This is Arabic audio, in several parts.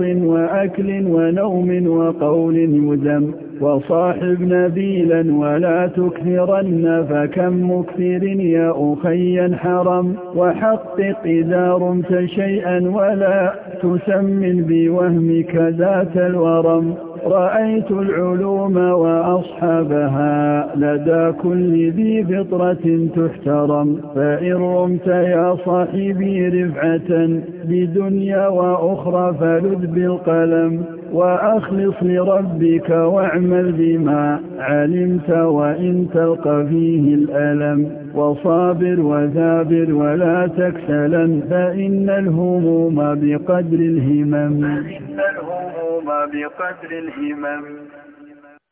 وأكل ونوم وقول يذم وصاحب نبيلا ولا تكثرن فكم مكثر يا أخي حرم وحقق إذا رمت شيئا ولا تسمن بوهمك ذات الورم رأيت العلوم وأصحابها لدى كل ذي فطرة تحترم فإن رمت يا صاحبي رفعة بدنيا وأخرى فلذ بالقلم وأخلص لربك واعمل بما علمت وإن تلقى فيه الألم وصابر وذابر ولا تكسلا فإن الهموم بقدر الهمم فإن الهموم بقدر الهمم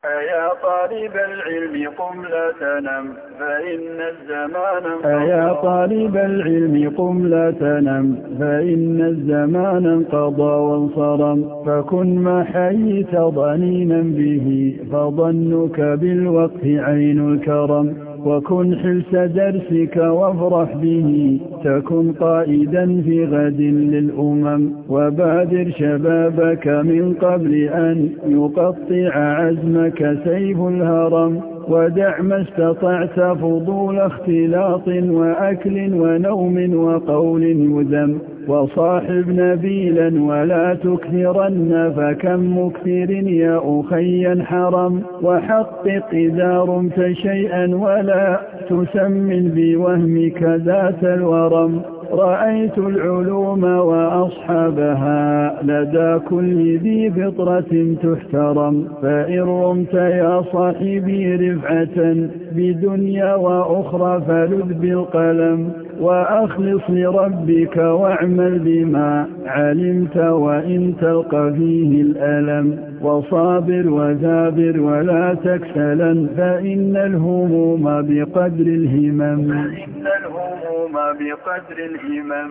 أيا طالب العلم قم لا تنم فإن الزمان أيا طالب العلم قم لا تنم فإن الزمان انقضى وانصرم فكن ما حييت ضنينا به فظنك بالوقت عين الكرم وكن حلس درسك وافرح به تكن قائدا في غد للأمم وبادر شبابك من قبل أن يقطع عزمك سيف الهرم ودع ما استطعت فضول اختلاط وأكل ونوم وقول يذم وصاحب نبيلا ولا تكثرن فكم مكثر يا أخي حرم وحقق إذا رمت شيئا ولا تسمن بوهمك ذات الورم رأيت العلوم وأصحابها لدى كل ذي فطرة تحترم فإن رمت يا صاحبي رفعة بدنيا وأخرى فلذ بالقلم وأخلص لربك واعمل بما علمت وإن تلقى فيه الألم وصابر وذابر ولا تكسلا فإن الهموم بقدر الهمم فإن الهموم بقدر الهمم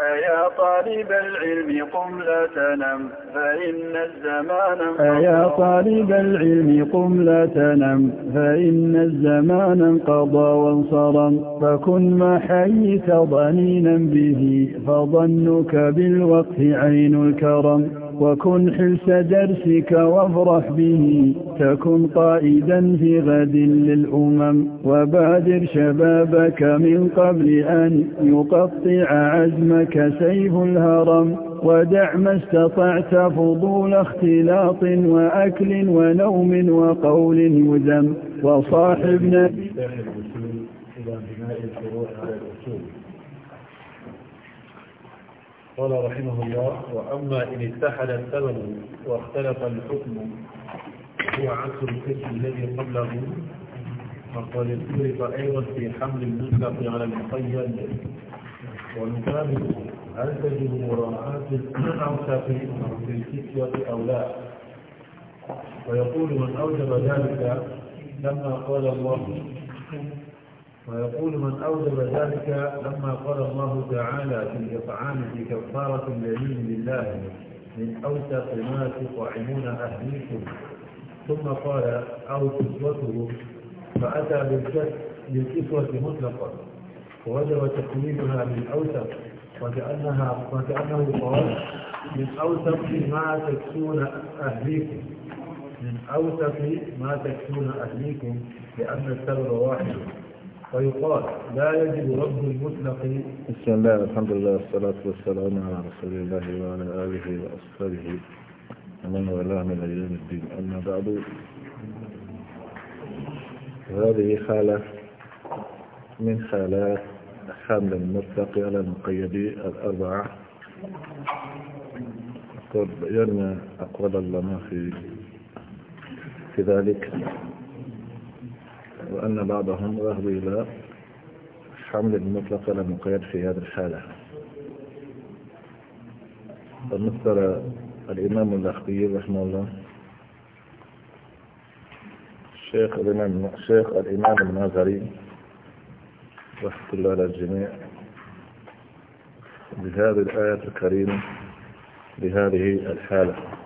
أيا طالب العلم قم لا تنم فإن الزمان أيا طالب العلم قم لا تنم فإن الزمان انقضى وانصرم فكن ما حييت ضنينا به فظنك بالوقت عين الكرم وكن حلس درسك وافرح به تكن قائدا في غد للأمم وبادر شبابك من قبل أن يقطع عزمك سيف الهرم ودع ما استطعت فضول اختلاط وأكل ونوم وقول يذم وصاحبنا قال رحمه الله وأما إن اتحد السبب واختلف الحكم هو عكس القسم الذي قبله فقد اختلف أيضا في حمل المطلق على المقيد ومثابه هل تجد مراعاة الأوسط في الفتية أو لا ويقول من أوجب ذلك لما قال الله ويقول من أوجب ذلك لما قال الله تعالى في الإطعام في كفارة اليمين لله من أوسط ما تطعمون أهليكم ثم قال أو كسوته فأتى بالكسوة مطلقا ووجب تقويمها من أوسط وكأنها وكأنه قال من أوسط ما تكسون أهليكم من أوسط ما تكسون أهليكم لأن السبب واحد ويقال لا يجب رد المطلق بسم الله الحمد لله والصلاة والسلام على رسول الله وعلى آله وأصحابه ومن والاه من أيام الدين أما بعد هذه حالة من حالات حمل المطلق على المقيد الأربعة قد بينا أقوال الله في في ذلك وأن بعضهم ذهب إلى حمل المطلق على المقيد في هذه الحالة فمثل الإمام الأخبي رحمه الله الشيخ الإمام الشيخ الإمام المازري رحمة الله على الجميع بهذه الآية الكريمة بهذه الحالة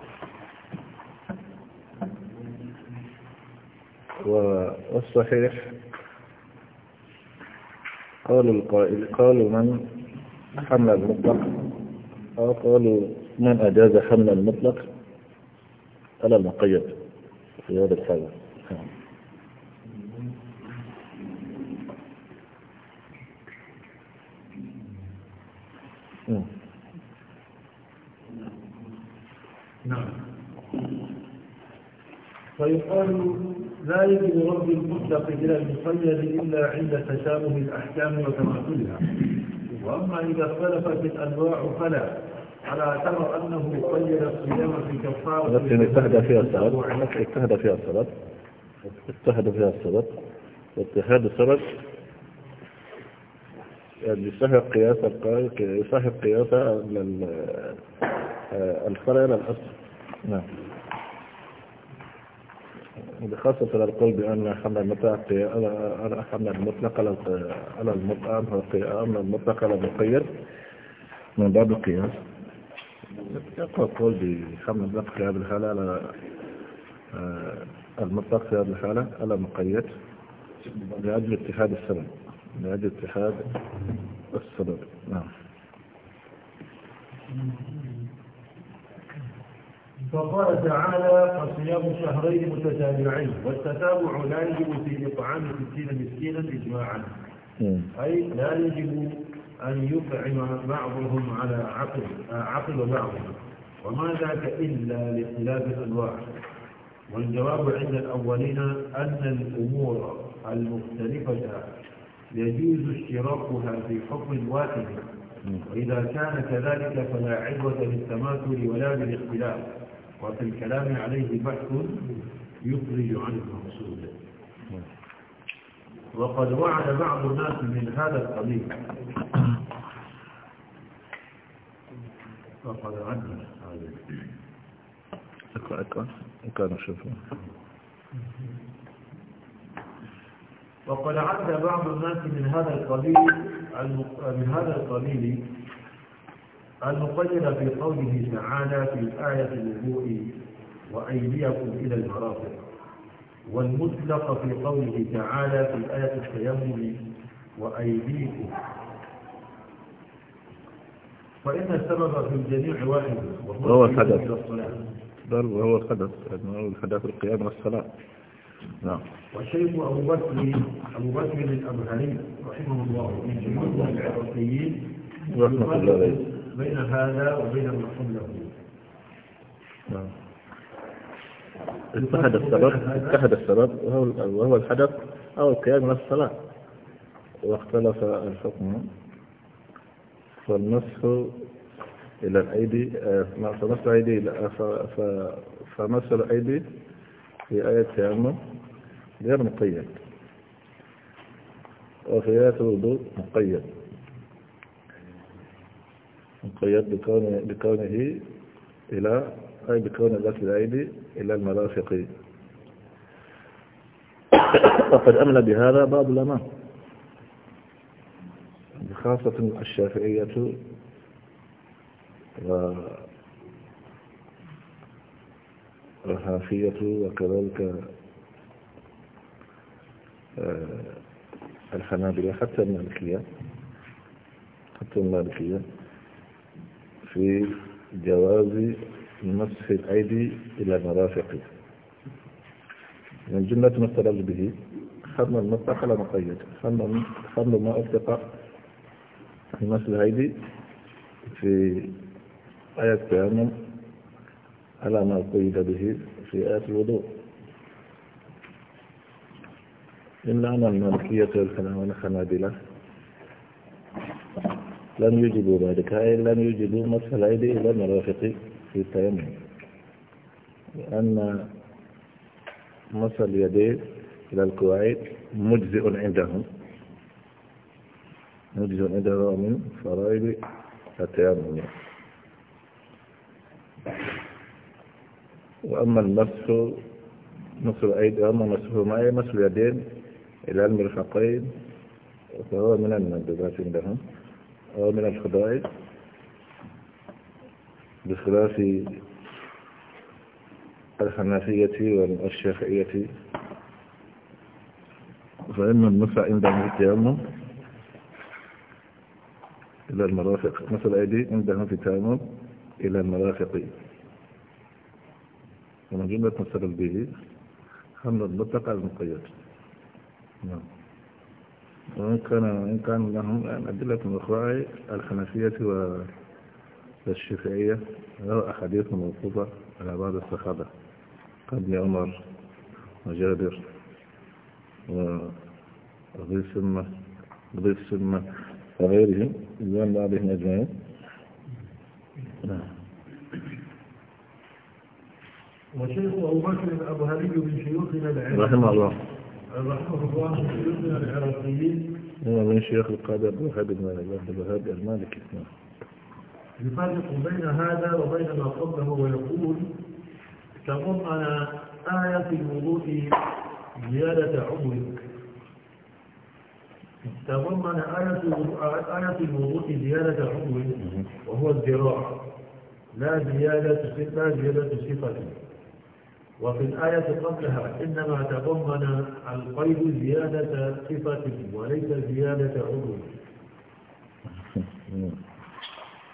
والصحيح قول القائل قالوا من حمل المطلق أو قالوا من أجاز حمل المطلق على المقيد في هذا الحال نعم, نعم. نعم. فيقال لا يجد رد المطلق إلى المقيد إلا عند تشابه الأحكام وتماثلها وأما إذا اختلفت الأنواع فلا على اعتبر أنه قيد الصيام في كفارة لكن اجتهد فيها السبب اجتهد فيها السبب اجتهد فيها السبب واجتهاد السبب يعني يسهل قياس القائل يسهل قياس آه، الفرع الى الاصل نعم بخاصة يعني القول بأن حمل المتاع حمل المطلق على المطعم هو قيام المطلق على المقيد من باب القياس يقوى القول بحمل المطلق في هذه الحالة على آه، المطلق في هذه الحالة على المقيد لأجل اتحاد السبب لأجل اتحاد السبب نعم فقال تعالى فصيام شهرين متتابعين والتتابع لا يجب في إطعام ستين مسكينا إجماعا أي لا يجب أن يطعم بعضهم على عقل عقل بعضهم وما ذاك إلا لاختلاف الأنواع والجواب عند الأولين أن الأمور المختلفة يجوز اشتراكها في حكم واحد وإذا كان كذلك فلا عبرة بالتماثل ولا بالاختلاف وفي الكلام عليه بحث يخرج عن المقصود وقد وعد بعض الناس من هذا القبيل فقد عدنا هذا وقد عد بعض الناس من هذا القبيل من هذا القبيل أن نقيد في قوله تعالى في آية الوضوء وأيديكم إلى المرافق والمطلق في قوله تعالى في آية التيمم وأيديكم فإن السبب في الجميع واحد وهو الحدث بل وهو الحدث يعني الحدث القيام والصلاة نعم والشيخ أبو بكر أبو بكر الأبهري رحمه الله من جمهور العراقيين رحمة الله عليه بين هذا وبين ما حوله نعم اتحد السبب اتحد السبب وهو الحدث أو القيام من الصلاة واختلف الحكم فالمسح إلى الأيدي آه، فمسح الأيدي فمسح الأيدي في آية التيمم غير مقيد وفي آية الوضوء مقيد مقيد بكونه, إلى أي بكون ذات الأيدي إلى المرافق وقد أمل بهذا بعض الأمام بخاصة الشافعية والحافية وكذلك آه، الحنابلة حتى المالكية حتى المالكية في جواز مسح الأيدي إلى مرافقه من جملة ما استدل به حمل المطلق على مقيد حمل ما أطلق في مسح الأيدي في آية التيمم على ما قيد به في آية الوضوء إلا أن نعم المالكية والحنابلة لم يجدوا ذلك أي لم يجدوا مسح الأيدي إلى المرافق في التيمم لأن مسح اليدين إلى الكويت مجزئ عندهم مجزئ عندهم من فرائض التيمم وأما المسح مس الأيدي وأما مسهما أي مسح اليدين إلى المرفقين فهو من المندوبات عندهم أو من الخضائر بخلاف الحنفية والشافعية فإن المسح عندهم التيمم إلى المرافق مثل أيدي عندهم في التيمم إلى المرافق ومن جملة مستقل به حمل المطلق على المقيد نعم وإن كان إن كان لهم أدلة أخرى الحنفية والشافعية له أحاديث موقوفة على بعض الصحابة قبل عمر وجابر وضيف سمة ضيف سمة وغيرهم إذن بعضهم أجمعين نعم وشيخ أبو بكر الأبهري من شيوخنا العراقيين رحمه الله رحمه الله من شيوخنا العراقيين هو من شيخ القاضي أبو بن عبد الوهاب المالكي يفرق بين هذا وبين ما قبله ويقول تضمن آية الوضوء زيادة عمرك تضمن آية آية الوضوء زيادة عضو وهو الذراع لا زيادة لا زيادة صفته وفي الآية قبلها إنما تضمن القيد زيادة صفة وليس زيادة عضو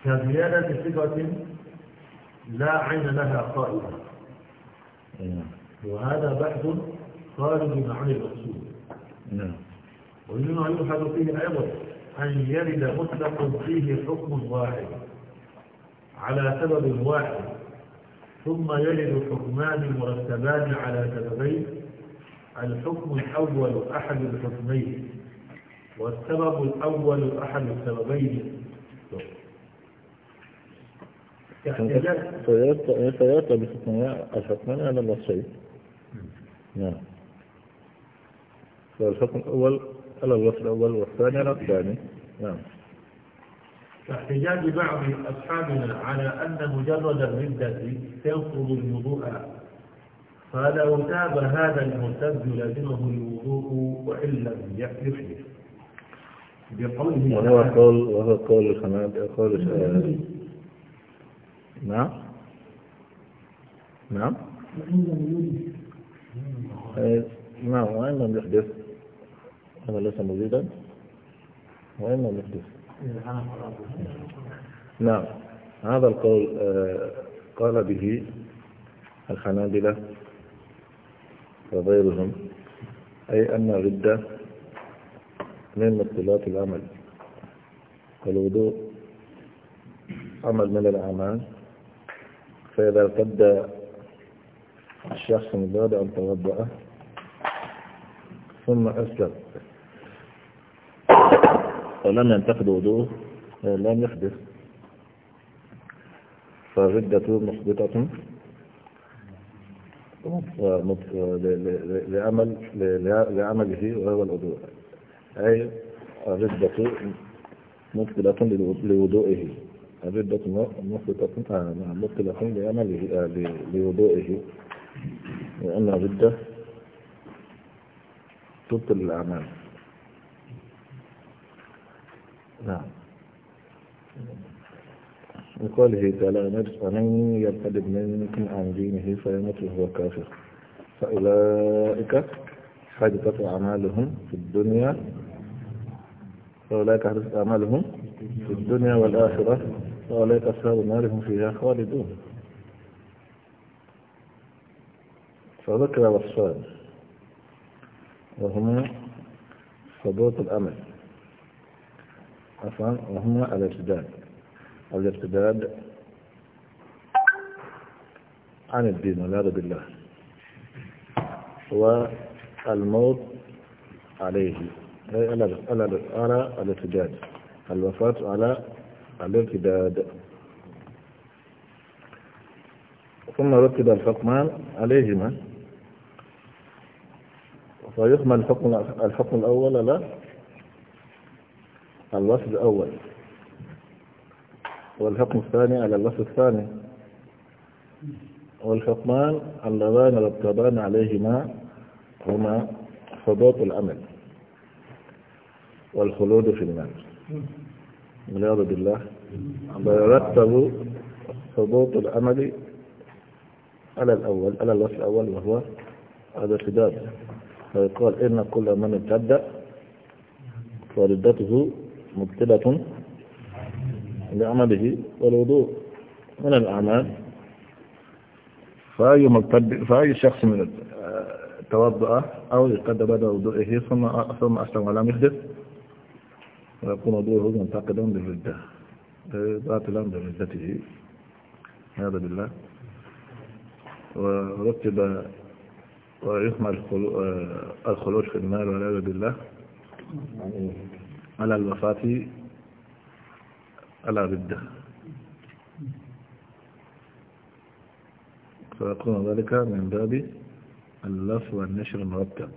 كزيادة صفة لا عين لها قائمة وهذا بحث خارج عن المقصود نعم. وإنما يبحث فيه أيضا أن يرد مطلق فيه حكم واحد على سبب واحد ثم يلد حكمان مرتبان على سببين الحكم الأول أحد الحكمين والسبب الأول أحد السببين فيرتى الحكمان على الوصفين نعم فالحكم الأول على الوصف الأول والثاني على الثاني نعم فاحتجاج بعض أصحابنا على أن مجرد الردة تنقض الوضوء فلو تاب هذا المرتد لازمه الوضوء وإن لم يحلف بقوله وهو قول وهو قول الخنابلة قول نعم نعم نعم وإن لم يحدث هذا ليس موجودا وإن لم يحدث نعم هذا القول آه، قال به الحنابلة وغيرهم أي أن الردة من مبطلات العمل والوضوء عمل من الأعمال فإذا ارتد الشخص من بعد أن توضأ ثم أسلم ولم ينتقد وضوءه آه، لم يحدث فالردة محبطة لعمل لعمله وهو الوضوء أي الردة مبطلة لوضوئه الردة مبطلة مبطلة لعمله آه، لوضوئه لأن الردة تبطل الأعمال نعم هي تعالى من يرتد منكم عن دينه فيمت وهو كافر فأولئك حدثت أعمالهم في الدنيا فأولئك حدثت أعمالهم في الدنيا والآخرة وأولئك أصحاب النار هم فيها خالدون فذكر وصفان وهما ثبوت الأمل عفوا وهما الارتداد الارتداد عن الدين والعياذ بالله والموت عليه على الارتداد الوفاة على الارتداد ثم ركب الحكمان عليهما فيحمل الحكم الحكم الأول على الوصف الأول والحكم الثاني على الوصف الثاني والحكمان اللذان رتبان عليهما هما حبوط الأمل والخلود في النار والعياذ بالله ويرتب حبوط الأمل على الأول على الوصف الأول وهو الارتداد فيقال إن كل من ارتد فردته مبتلة لعمله والوضوء من الأعمال فأي, فأي شخص من توضأ أو قد بدأ وضوئه ثم ثم أسلم ولم يحدث ويكون وضوءه منتقدا بالردة باطلا بردته هذا بالله ورتب ويحمل آه، الخلوج في المال والعياذ بالله على الوفاة على ردة فيكون ذلك من باب اللف والنشر المرتب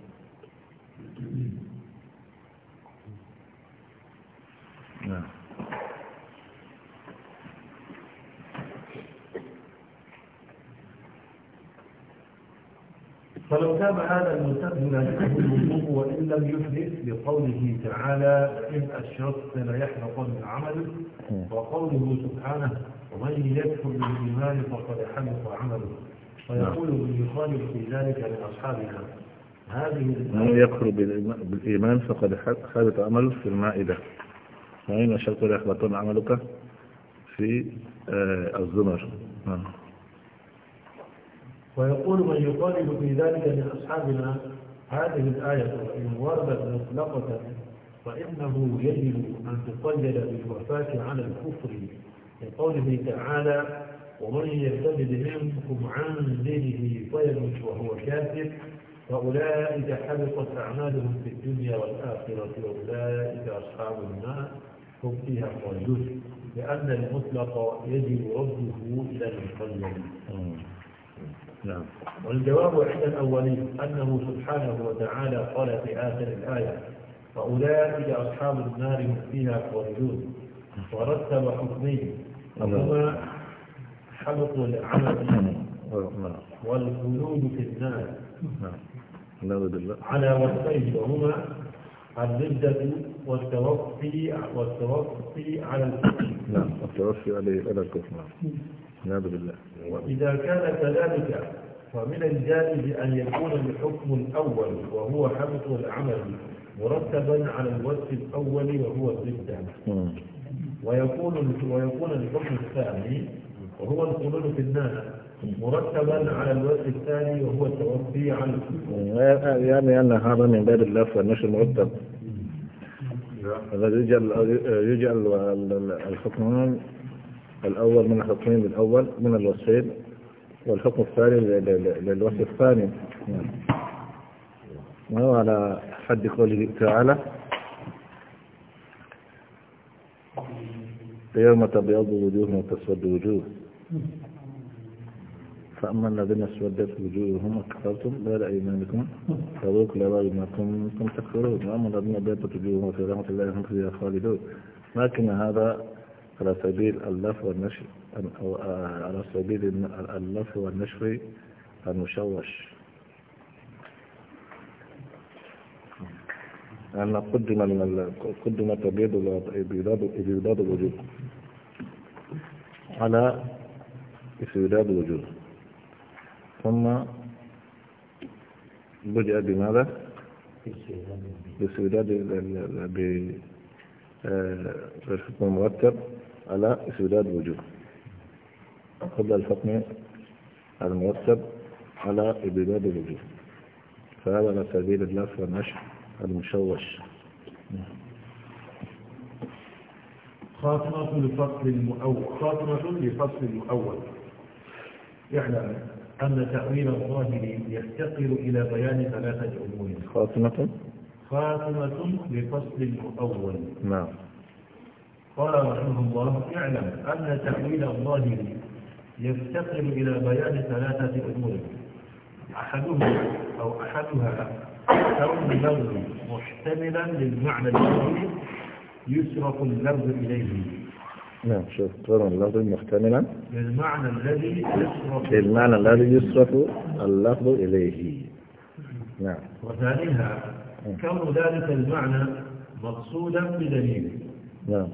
نعم فلو تاب هذا المرتد يناسبه الوضوء وإن لم يحدث لقوله تعالى إن أشركت من عمله وقوله سبحانه ومن يكفر بالإيمان فقد حبط عمله فيقول ابن يخالف في ذلك لأصحابها هذه من يكفر بالإيمان فقد حبط عمله في المائدة وإن أشركت ليحبطن عملك في آه، الزمر نعم ويقول من يطالب في ذلك من أصحابنا هذه الآية إن وردت مطلقة فإنه يجب أن تقلل بالوفاة على الكفر لقوله تعالى ومن يرتد منكم عن دينه فيمت وهو كافر فأولئك حبطت أعمالهم في الدنيا والآخرة وأولئك أصحاب النار هم فيها خالدون لأن المطلق يجب رده إلى المقلد نعم والجواب عند الأولين أنه سبحانه وتعالى قال في آخر الآية فأولئك أصحاب النار هم فيها خالدون ورتب حكمه فهما نعم. حلق العمل نعم. والخلود في النار نعم. على وصفين وهما الردة والتوفي والتوفي على الكفر نعم التوفي على الكفر نعم بالله وإذا كان كذلك فمن الجائز أن يكون الحكم الأول وهو حبط العمل مرتبا على الوجه الأول وهو الردة ويكون ويكون الحكم الثاني وهو الخلود في الناس مرتبا على الوجه الثاني وهو التوفي عنه يعني أن هذا من باب اللف والنشر المرتب نعم. الذي يجعل الحكمان الأول من الحكمين الأول من الوصفين والحكم الثاني للوصف الثاني نعم. هو على حد قوله تعالى يوم تبيض وجوه وتسود وجوه فأما الذين اسودت وجوههم وكفرتم بعد أيمانكم فذوقوا راي ما كنتم تكفرون وأما الذين ابيضت وجوههم في رحمة الله هم فيها خالدون لكن هذا على سبيل اللف والنشر على سبيل اللف والنشر المشوش أن قدم قدم تبيض إبيضاد الوجوه على استبداد الوجوه ثم بدأ بماذا؟ بسوداد بالحكم المرتب على سداد وجوه قبل الحكم المرتب على ابداد الوجوه فهذا على سبيل اللف والنشر المشوش خاتمة لفصل المؤول خاتمة لفصل المؤول اعلم أن تأويل الظاهر يفتقر إلى بيان ثلاثة أمور خاتمة خاتمة لفصل المؤول نعم قال رحمه الله اعلم أن تأويل الله يفتقر إلى بيان ثلاثة أمور أحدها أو أحدها كون اللفظ محتملا للمعنى الأول يصرف اللفظ إليه نعم شوف كون اللفظ محتملا للمعنى الذي يصرف للمعنى الذي يصرف اللفظ إليه نعم وثانيها نعم. كون ذلك المعنى مقصودا بدليل نعم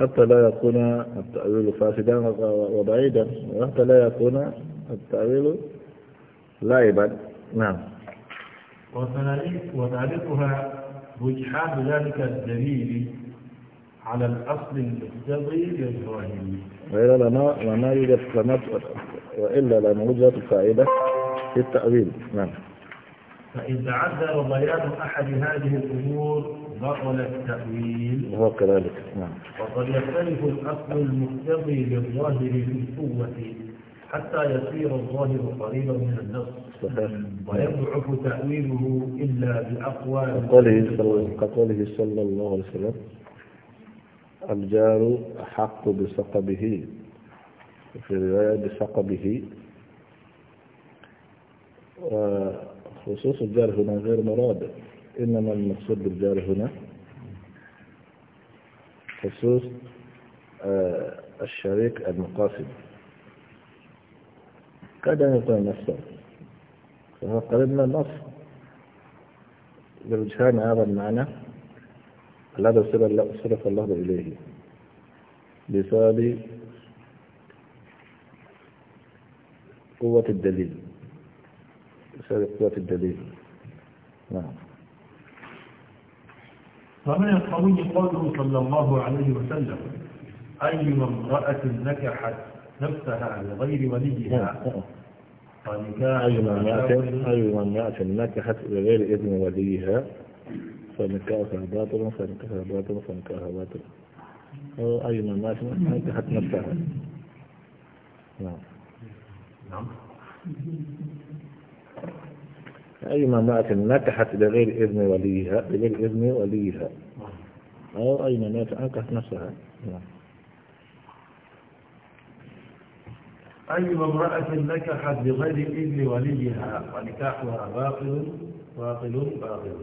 حتى لا يكون التأويل فاسدا وبعيدا وحتى لا يكون التأويل لائبا نعم وتعريفها رجحان ذلك الدليل على الأصل المقتضي للظاهري وإلا لما لما يوجد وإلا لما وجدت الفائدة في التأويل نعم فإن تعذر بيان أحد هذه الأمور بطل التأويل هو كذلك نعم وقد يختلف الأصل المقتضي للظاهر في القوة حتى يصير الظاهر قريبا من النص ويضعف تأويله إلا بأقوال قوله صلى الله عليه وسلم الجار أحق بسقبه في رواية بسقبه وخصوص آه، الجار هنا غير مراد إنما المقصود بالجار هنا خصوص آه، الشريك المقاصد قد أن يكون نفسه فهو قريب من النص برجحان هذا المعنى الذي صرف الله إليه بسبب قوة الدليل بسبب قوة الدليل نعم فمن القوي قوله صلى الله عليه وسلم أي امرأة نكحت نفسها لغير وليها أيما نأت نكحت لغير إذن وليها فنكاها باطل فنكاها باطل فنكاها باطل أيما نأت نكحت نفسها نعم نعم أي امرأة نكحت بغير إذن وليها بغير إذن وليها أو أي امرأة أنكحت نفسها نعم أي امرأة نكحت بغير إذن وليها ونكاحها باطل باطل باطل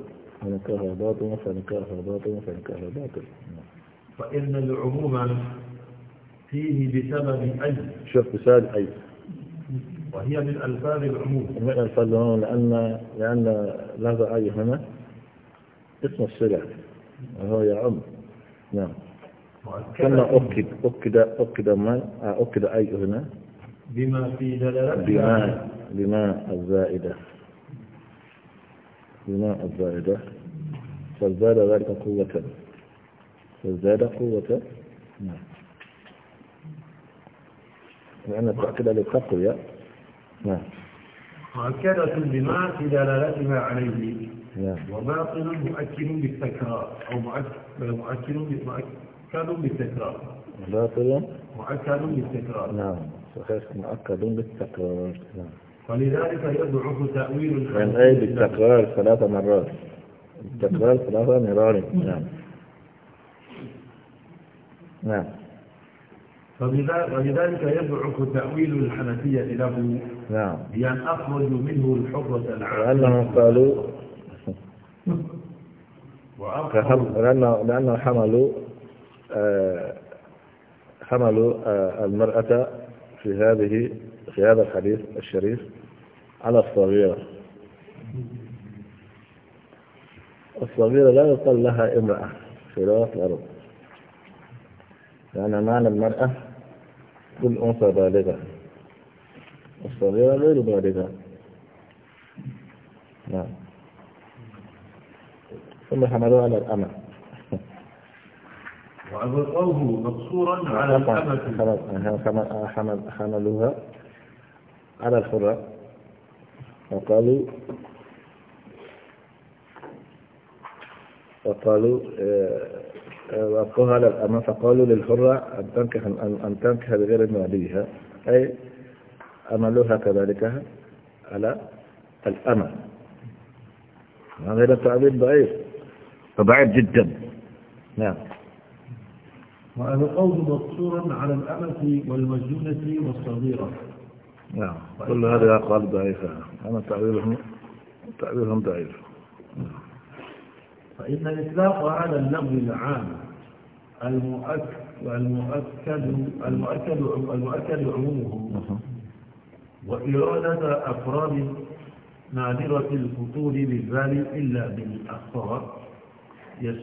فنكاحها باطل فنكاحها باطل فنكاحها باطل نعم. فإن العموم فيه بسبب أي شوف بسبب أي وهي من ألفاظ العموم من ألفاظ العموم لأن لأن لفظ أي هنا اسم الصلة وهو يعم نعم كما أكد أكد أكد ما آه، أكد أي هنا بما في دلالة بما بما الزائدة بما الزائدة فازداد ذلك قوة فازداد قوة نعم لأن التأكيد للتقوية نعم مؤكدة بما في دلالتها عليه نعم وباطل مؤكد بالتكرار أو مؤكد مؤكد بالتكرار باطل مؤكد بالتكرار نعم صحيح مؤكد بالتكرار نعم فلذلك يضعف تأويل الحديث يعني أي بالتكرار ثلاث مرات التكرار ثلاث مرات نعم نعم فبذلك يضعف تأويل الحنفية له نعم بأن أخرج منه الحرة العامة لأنهم قالوا لأنهم حملوا آه حملوا آه المرأة في هذه في هذا الحديث الشريف على الصغيرة الصغيرة لا يقال لها امرأة في لغة العرب لأن معنى المرأة كل أنثى بالغة الصغيرة غير بالغة نعم ثم حملوه على الأمة وأبقوه مقصورا على نعم، الأمة نعم، حملوها على الحرة وقالوا وقالوا آه، آه، وأبقوها على الأمة فقالوا للحرة أن تنكح أن تنكح بغير ابن أي أملها كذلك على الأمل هذا التعبير ضعيف ضعيف جدا نعم وهذا القول مقصورا على الأمل والمجنونة والصغيرة نعم كل هذه أقوال ضعيفة أنا تعبيرهم تعبيرهم ضعيف فإن الإطلاق على اللفظ العام المؤكد المؤكد المؤكد المؤكد عمومه وإرادة أفراد نادرة الفتور بالذال إلا بالأخطار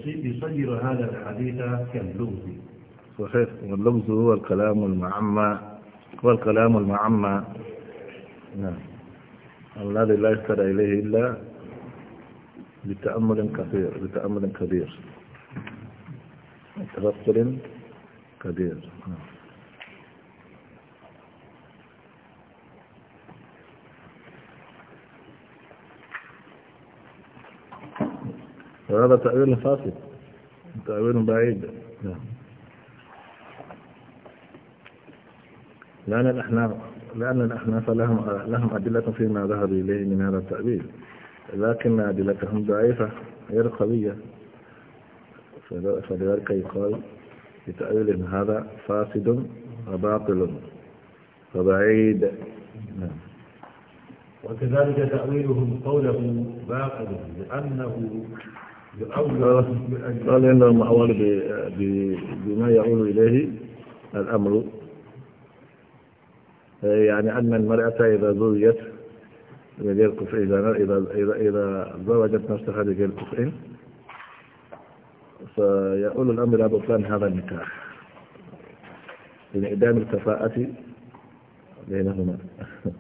يصير هذا الحديث كاللغز صحيح واللغز هو الكلام المعمى هو الكلام المعمى نعم الذي لا يشترى إليه إلا بتأمل كثير بتأمل كبير تفكر كبير نعم هذا تأويل فاسد تأويل بعيد نعم لأن الأحناف لأن الأحناف لهم لهم أدلة فيما ذهبوا إليه من هذا التأويل لكن أدلتهم ضعيفة غير قوية فلذلك يقال بتأويل هذا فاسد وباطل وبعيد نعم وكذلك تأويلهم قوله باطل لأنه قال إنهم أول بما يعول إليه الأمر يعني أن المرأة إذا زوجت بغير غير إذا إذا إذا زوجت نفسها بغير كفء فيقول الأمر إلى بطلان هذا النكاح لإعدام الكفاءة بينهما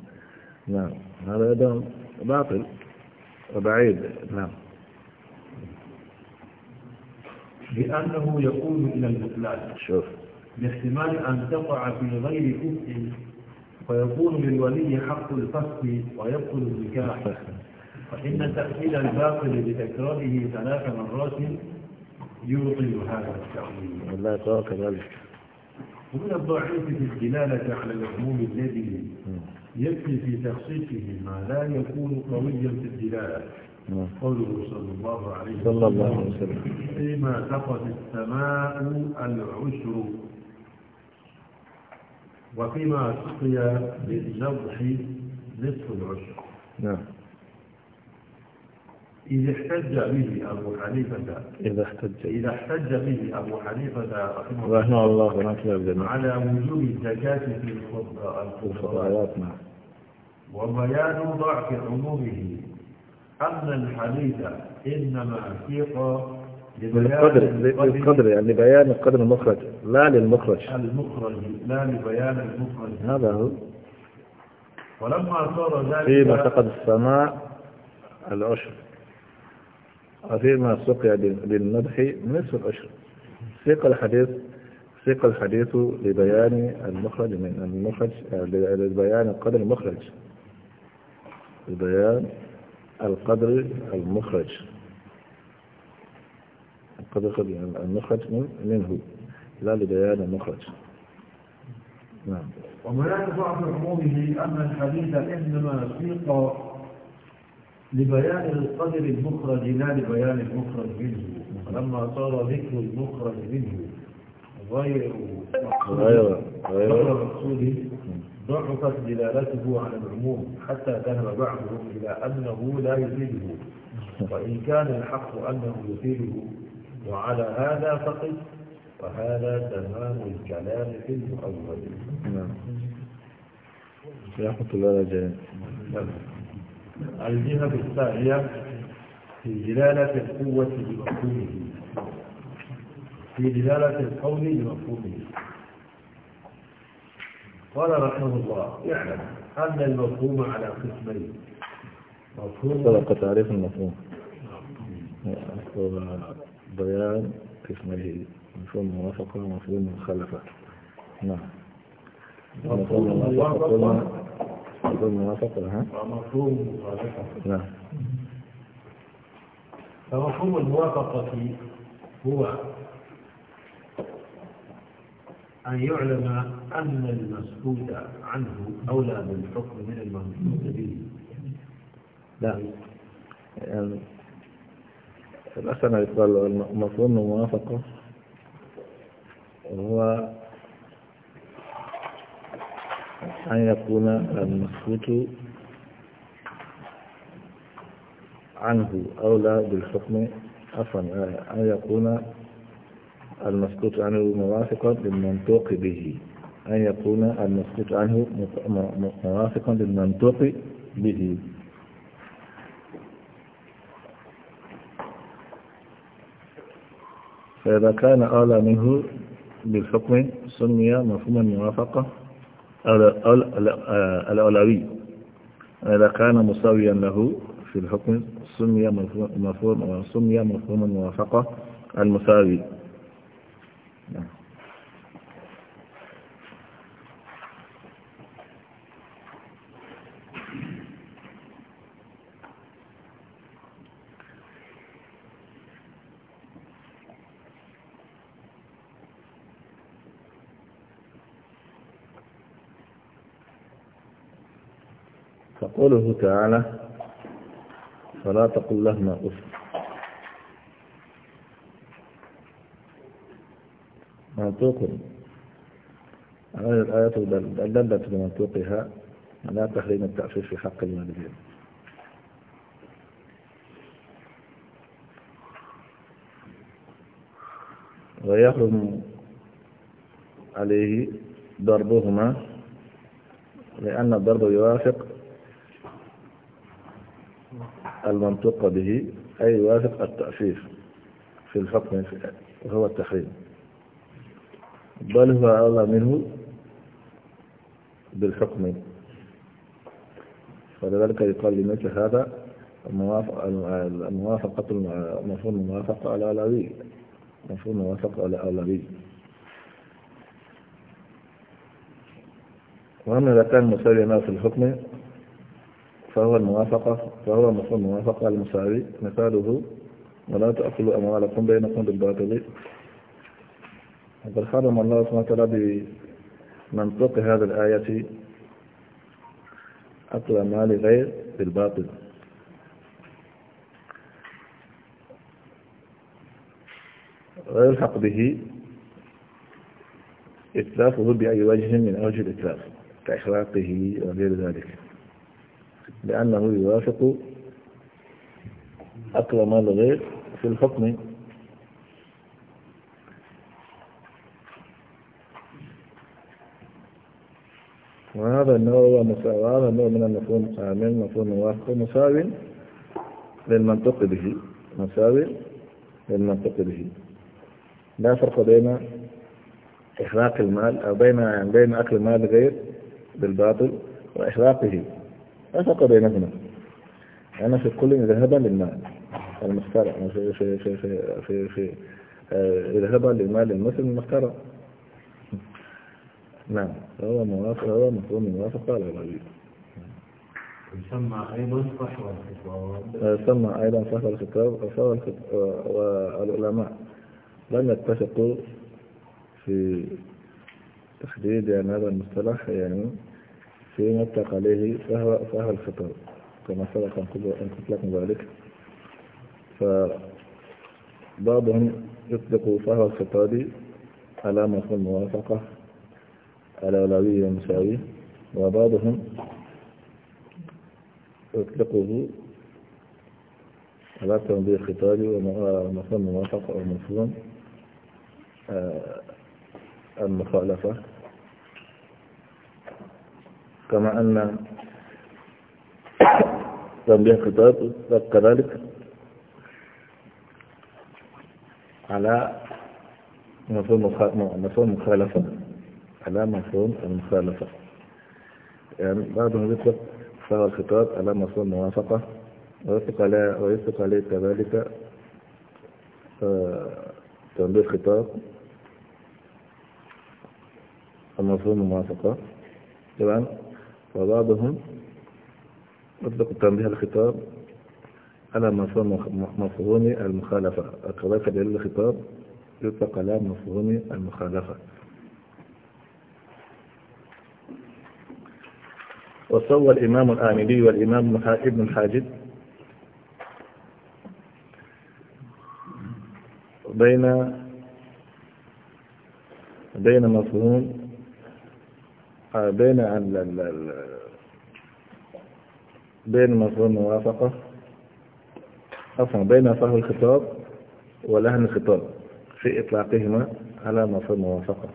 نعم هذا باطل وبعيد نعم بأنه يقود إلى البطلان شوف باحتمال أن تقع في غير كفء فيكون للولي حق الفسق ويبطل النكاح فإن تأكيد الباطل بتكراره ثلاث مرات يبطل هذا التعليم الله يقول كذلك ومن الضعيف في الدلالة على العموم الذي يكفي في تخصيصه ما لا يكون قويا في الدلالة نعم. قوله صلى الله عليه وسلم صلى الله عليه وسلم فيما تقت السماء العشر وفيما سقي للذبح نصف العشر نعم إذا احتج به أبو حنيفة إذا احتج إذا احتج به أبو حنيفة رحمه, الله رحمه الله على وجوب الزكاة في الخضرات نعم وبيان ضعف عمومه أن الحديث إنما سيق القدر للقدر يعني بيان القدر المخرج لا للمخرج المخرج لا لبيان المخرج هذا هو ولما صار ذلك فيما فقد السماء العشر وفيما سقي للمدح نصف العشر سيق الحديث سيق الحديث لبيان المخرج من المخرج لبيان القدر المخرج لبيان القدر المخرج القدر يعني المخرج منه لا لبيان المخرج نعم وما يدفع في عمومه أن الحديث إنما سيق لبيان القدر المخرج لا لبيان المخرج منه فلما صار ذكر المخرج منه غير غير غير مقصوده ضعفت دلالته على العموم حتى ذهب بعضهم إلى أنه لا يفيده وإن كان الحق أنه يفيده وعلى هذا فقط وهذا تمام الكلام في المؤول نعم الجهة الثانية في دلالة القوة بمفهومه في دلالة القول بمفهومه قال رحمه الله يعلم أن المفهوم على قسمين مفهوم سبق تعريف المفهوم بيان قسمه مفهوم موافقة ومفهوم مخالفة نعم مفهوم موافقة مفهوم موافقة ها ومفهوم مخالفة نعم فمفهوم الموافقة هو أن يعلم أن المسؤول عنه أولى بالحكم من المنصوص به لا الأحسن يقال المفروض أنه موافقة وهو أن يكون المسكوت عنه أولى بالحكم عفوا أن يكون المسكوت عنه موافقا للمنطوق به أن يكون المسكوت عنه موافقا للمنطوق به فإذا كان أعلى منه بالحكم سمي مفهوم الموافقة الأولوي إذا كان مساويا له في الحكم سمي مفهوم سمي مفهوم الموافقة المساوي فقوله تعالى فلا تقل لهما أفر منطوق آية- آية الآيات دلت بمنطوقها على تحريم التأفيف في حق الوالدين ويحرم عليه ضربهما لأن الضرب يوافق المنطوق به أي يوافق التأفيف في الحكم وهو التحريم بل هو أعلى منه بالحكم فلذلك يقال لمثل هذا الموافقة الموافقة مفهوم الموافقة على الأولوي مفهوم الموافقة على الأولوي وأما إذا كان مساوي ما في الحكم فهو الموافقة فهو مفهوم الموافقة المساوي مثاله ولا تأكلوا أموالكم بينكم بالباطل وقد خدم الله سبحانه وتعالى بمنطق هذه الآية أكل المال غير بالباطل ويلحق به إتلافه بأي وجه من أوجه الإتلاف كإحراقه وغير ذلك لأنه يوافق أكل مال غير في الحكم وهذا النوع وهذا النوع من المفهوم كامل مفهوم وافق مساو للمنطق به مساو للمنطق به لا فرق بين إحراق المال أو بين يعني بين أكل المال غير بالباطل وإحراقه لا فرق بينهما أنا في كل ذهبا للمال المخترع في في في في, في, في, في آه، ذهبا للمال المسلم المخترع نعم فهو موافق هو مفهوم الموافقة على الغريب يسمى أيضا صحوة الخطاب يسمى أيضا صحوة الخطاب والعلماء لم يتفقوا في تحديد يعني هذا المصطلح يعني في اتفق عليه فهو فهو الخطاب كما سبق أن قلت لكم ذلك فبعضهم يطلق فهو الخطاب على مفهوم الموافقة على الأولوية والمساوية وبعضهم يطلقه على التنظير الخطابي ومفهوم الموافقة أو مفهوم آه، المخالفة كما أن تنبيه الخطاب كذلك على مفهوم مخالفة يعني على آه، مفهوم المخالفة يعني بعضهم يطلق فهو الخطاب على مفهوم الموافقة ويطلق عليه ويطلق عليه كذلك تنبيه خطاب مفهوم الموافقة طبعا وبعضهم يطلق التنبيه الخطاب على مفهوم مفهوم المخالفة كذلك دليل الخطاب يطلق على مفهوم المخالفة وسوى الإمام الآملي والإمام ابن الحاجب بين بين مفهوم آه، بين بين مفهوم الموافقة عفوا بين فهم الخطاب ولهن الخطاب في إطلاقهما على مفهوم الموافقة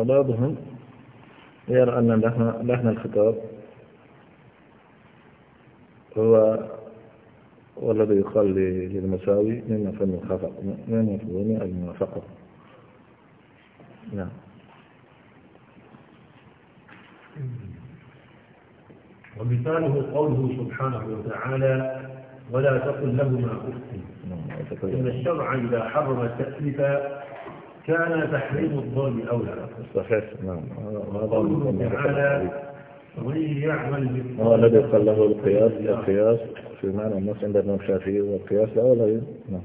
فبعضهم يرى أن لحن الخطاب هو والذي يقال للمساوي مما في المنخفق مما في الموافقة نعم ومثاله قوله سبحانه وتعالى ولا تقل لهما أف نعم، إن الشرع إذا حرم التأليف كان تحريم الظلم أولى صحيح نعم قوله تعالى ومن يعمل مثقال هو الذي قال له القياس القياس في معنى النص عند ابن الشافعي والقياس الأولى نعم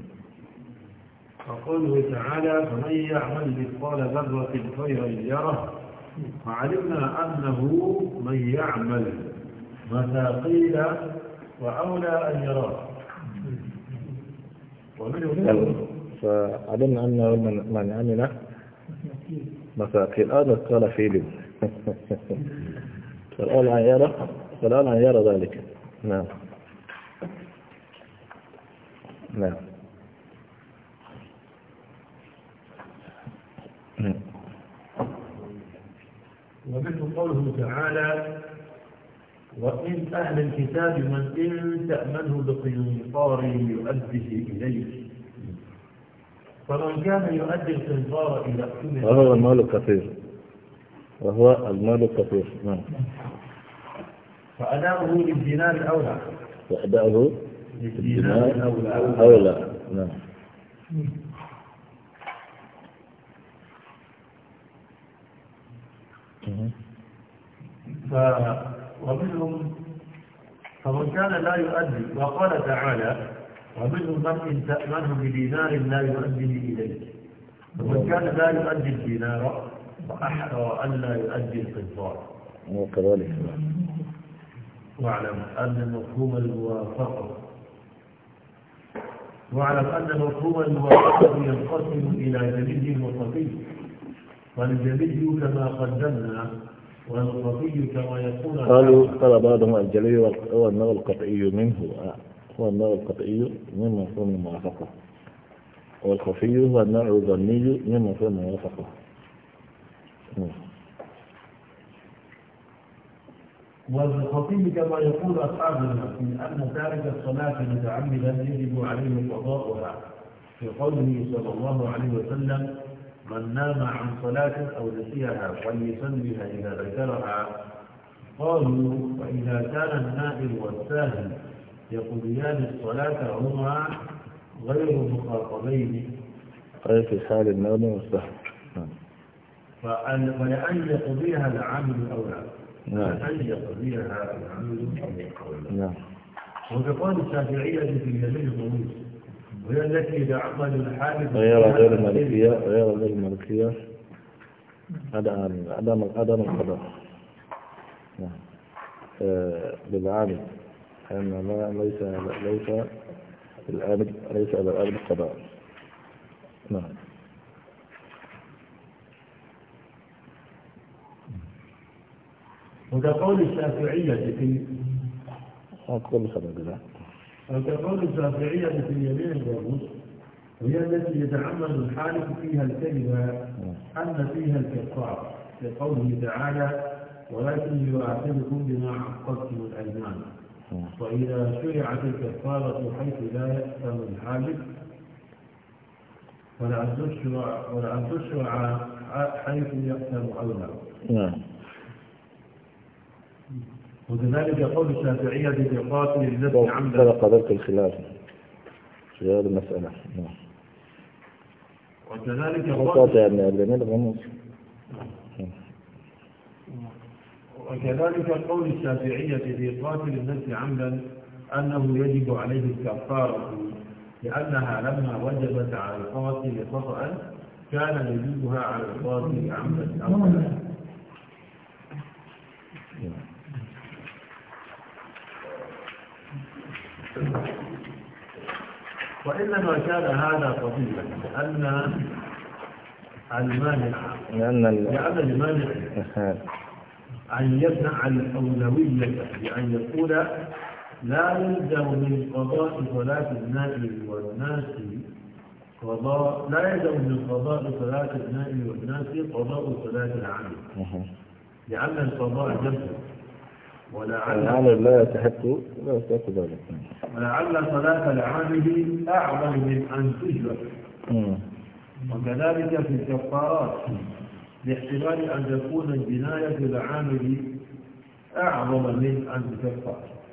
وقوله تعالى فمن يعمل مثقال ذرة خيرا يره وعلمنا أنه من يعمل متى قيل وأولى أن يراه ومنه فعلمنا أن من عمل مساكين هذا آه، قال في لب فالآن يرى فالآن يرى ذلك نعم نعم, نعم. ومنه قوله تعالى وإن أهل الكتاب من إن تأمنه بقنطار يؤده إليك فمن كان يؤدي القنطار إلى أكتبه وهو المال كثير وهو المال كثير نعم فأداؤه للدينار أولى وأداؤه للدينار أولى أولى نعم ف... ومنهم فمن كان لا يؤدي وقال تعالى ومنهم من إن تأمنه بدينار لا يؤدي إليك ومن كان لا يؤدي الدينار فأحرى أن لا يؤدي القنطار وكذلك واعلم أن مفهوم الموافقة واعلم أن مفهوم الموافقة ينقسم إلى جليد وصفي والجليد كما قدمنا والقطعي كما يقول قالوا قال بعضهم الجلي والنوى القطعي منه هو النوع القطعي من مفهوم الموافقة والخفي هو النوع الظني من مفهوم الموافقة والخطيب كما يقول أصحابنا من أن تارك الصلاة متعمدا يجب عليه قضاؤها في قوله صلى الله عليه وسلم من نام عن صلاة أو نسيها فليسلمها إذا ذكرها قالوا فإذا كان النائب والساهل يقضيان الصلاة هما غير مخاطبين أي في حال النوم والسهر ولأن يقضيها العمل لا نعم لأن يقضيها العمل لا نعم وكقول الشافعية في اليمين الضموس وهي التي إذا عقد الحادث غير غير الملكية غير غير الملكية عدم عدم القضاء نعم آه، للعامل أن ما ليس ليس الآبد ليس على الآبد قضاء نعم وكقول الشافعية في أقول آه، خبر لا وكقول الشافعية في اليمين الغموس هي التي يتعمد الحالف فيها الكلمة نعم. أن فيها الكفار لقوله تعالى ولكن يعاقبكم بما عقدتم الأيمان فإذا شرعت الكفارة حيث لا يأثم الحامل ولأن تشرع ولأن تشرع حيث يأثم أولى. نعم. وكذلك قول الشافعية بقاتل الذي طيب، عمدا. هذا قدرة الخلاف في هذه المسألة. نعم. وكذلك قول. يعني الغموس. وكذلك قول الشافعية في قاتل النفس عمدا أنه يجب عليه الكفارة لأنها لما وجبت على القاتل خطأ كان يجبها على القاتل عمدا وإنما كان هذا قضية لأن المانع لأن المانع أن يمنع الأولوية بأن يعني يقول لا يلزم من قضاء صلاة النائب والناس قضاء لا يلزم من قضاء صلاة النائب والناس قضاء صلاة العامل لأن القضاء جزء ولعل لا يستحق لا يستحق ذلك ولعل صلاة العامل أعظم من أن تجبر أمم. وكذلك في الكفارات لاحتمال أن تكون الجناية العامل أعظم من أن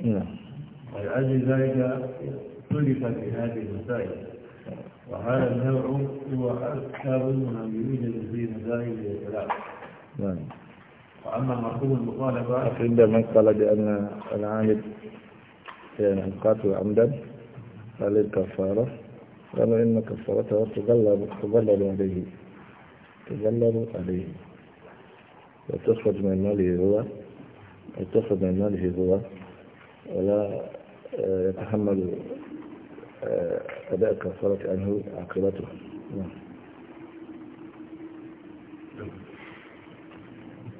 نعم. ولأجل ذلك اختلف في هذه المسائل وهذا النوع هو أكثر من يوجد في مسائل الإسلام وأما مفهوم المطالبة عند من قال بأن العامل يعني قاتل عمدا عليه الكفارة قالوا إن كفارته تغلب تغلب عليه تجمل عليه وتخرج من ماله هو وتخرج من ماله هو ولا آه، يتحمل آه، أداء الكفارة عنه عاقبته نعم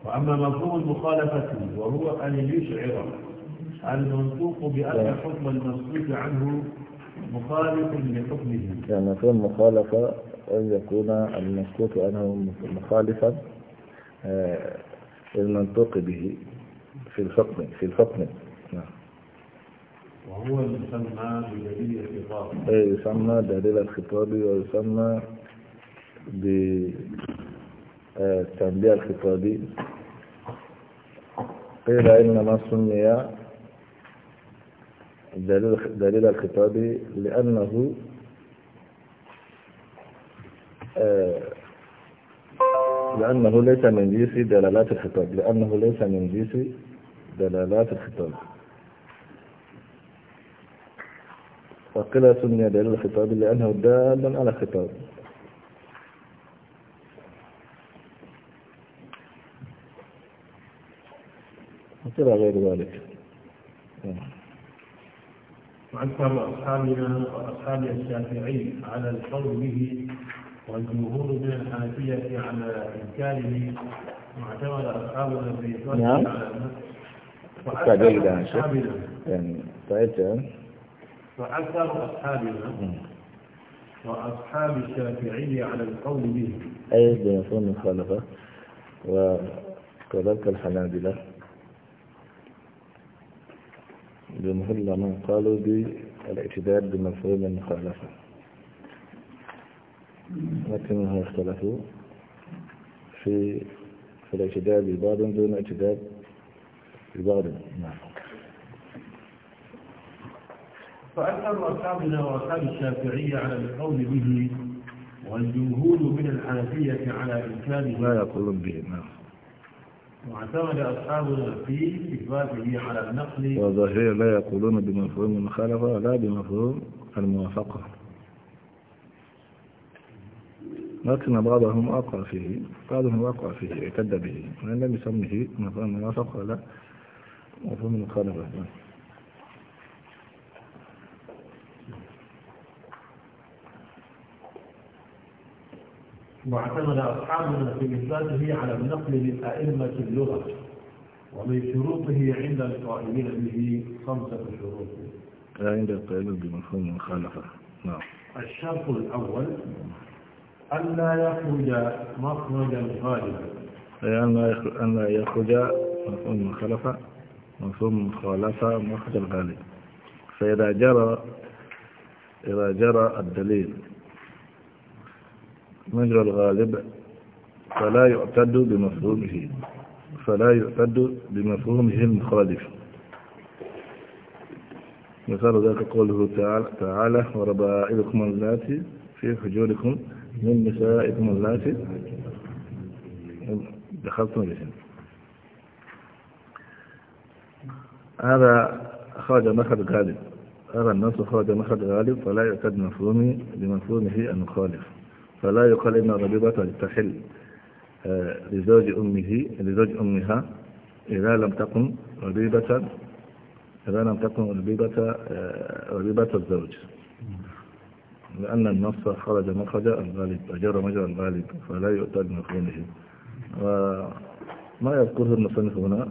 وأما مفهوم المخالفة وهو أن يشعر المنطوق بأن نعم. حكم المنصوص عنه مخالف لحكمه يعني مفهوم المخالفة أن يكون المسكوت عنه مخالفا المنطق آه، به في الحكم في الحكم نعم وهو يسمى بدليل الخطاب إيه، يسمى دليل الخطاب ويسمى ب التنبيه آه، الخطابي قيل إنما سمي دليل الخطابي لأنه آه، لأنه ليس من جنس دلالات الخطاب لأنه ليس من جنس دلالات الخطاب فقلة سمي دليل الخطاب لأنه دال على الخطاب وكذا غير ذلك وأكثر أصحابنا وأصحاب الشافعي على القول به والجمهور من الحنفية على إنكاره واعتمد أصحاب النبي نعم فأكثر يعني أصحابنا يعني فأكثر طيب، أصحابنا وأصحاب الشافعية على القول به أي بمفهوم الخلفة وكذلك الحنابلة جمهور من قالوا بالاعتداد بمفهوم المخالفة لكنهم اختلفوا في في الاعتداد ببعض دون اعتداد ببعض نعم فأثر أصحابنا وأصحاب الشافعية على القول به والجمهور من الحنفية على إمكانه لا يقولون به نعم واعتمد أصحابنا في إثباته على النقل والظاهرية لا يقولون بمفهوم المخالفة لا بمفهوم الموافقة لكن بعضهم وقع فيه بعضهم وقع فيه اعتد به وإن لم يسمه مثلا منافق ولا مفهوم مخالفة واعتمد أصحابنا في مثلاته على النقل من أئمة اللغة ومن شروطه عند القائلين به خمسة شروط عند القائلين بمفهوم مخالفة نعم الشرط الأول ألا يخرج مخرج الغالب أي أن لا يخرج مفهوم مخالفة مفهوم مخالفة مخرج الغالب فإذا جرى إذا جرى الدليل مجرى الغالب فلا يعتد بمفهومه فلا يعتد بمفهومه المخالف مثال ذلك قوله تعالى, تعالى وربائلكم اللاتي في حجوركم من نسائكم اللاتي دخلتم بهن هذا خرج مخرج غالب هذا النص خرج مخرج غالب فلا يعتد مفهومي بمفهومه المخالف فلا يقال إن الربيبة تحل آه، لزوج أمه لزوج أمها إذا لم تكن ربيبة إذا لم تكن ربيبة آه، ربيبة الزوج لأن النص خرج مخرج الغالب أجر مجرى الغالب فلا يؤتى بمفهومه وما يذكره المصنف هنا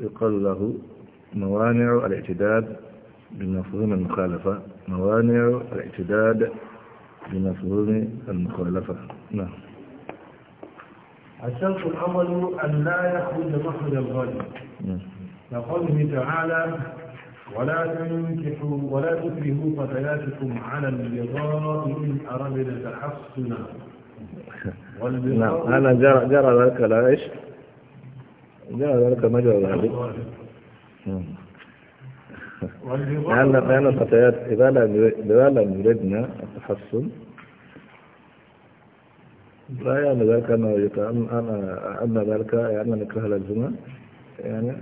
يقال له موانع الاعتداد بمفهوم المخالفة موانع الاعتداد بمفهوم المخالفة نعم الشرط الأول أن لا يخرج مخرج الغالب نعم. كقوله تعالى ولا تنكحوا ولا تكرهوا فتياتكم على البغاء إن أردنا تحصنا نعم أنا جرى جرى ذلك لا إيش جرى ذلك ما جرى ذلك لأن لأن الفتيات إذا لم إذا لم يردن التحصن لا يعني ذلك أنا أن أن ذلك يعني نكره الزنا يعني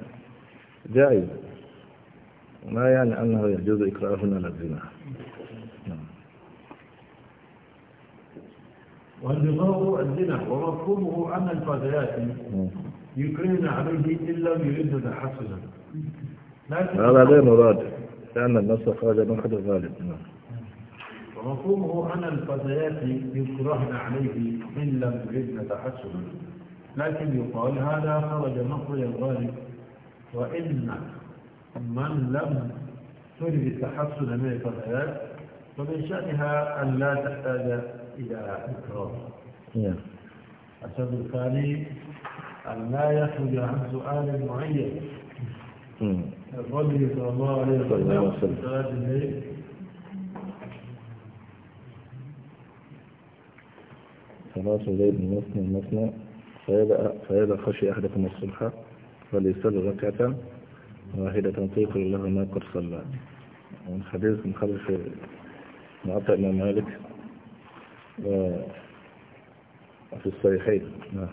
جائز ما يعني أنه يجوز إكراهنا للزنا نعم. والنظام الزنا ومفهومه أن الفتيات نعم. يكرهن عليه إن لم يردن تحسنا هذا غير مراد لأن النص خرج من حد الغالب نعم. ومفهومه أن الفتيات يكرهن عليه إن لم يردن تحسنا لكن يقال هذا خرج مخرج الغالب وإن من لم تجد التحصن من الفضائل فمن شأنها أن لا تحتاج إلى إكرام الشرط الثاني أن لا يخرج عن سؤال معين hmm. الرجل صلى الله عليه وسلم خلاص صلاة الليل مسلم الليل مثنى فإذا فإذا خشي أحدكم الصبح فليصلي ركعة واحدة تنطيق الله ما قد صلى من حديث من خلف معطى إمام مالك وفي الصحيحين نعم.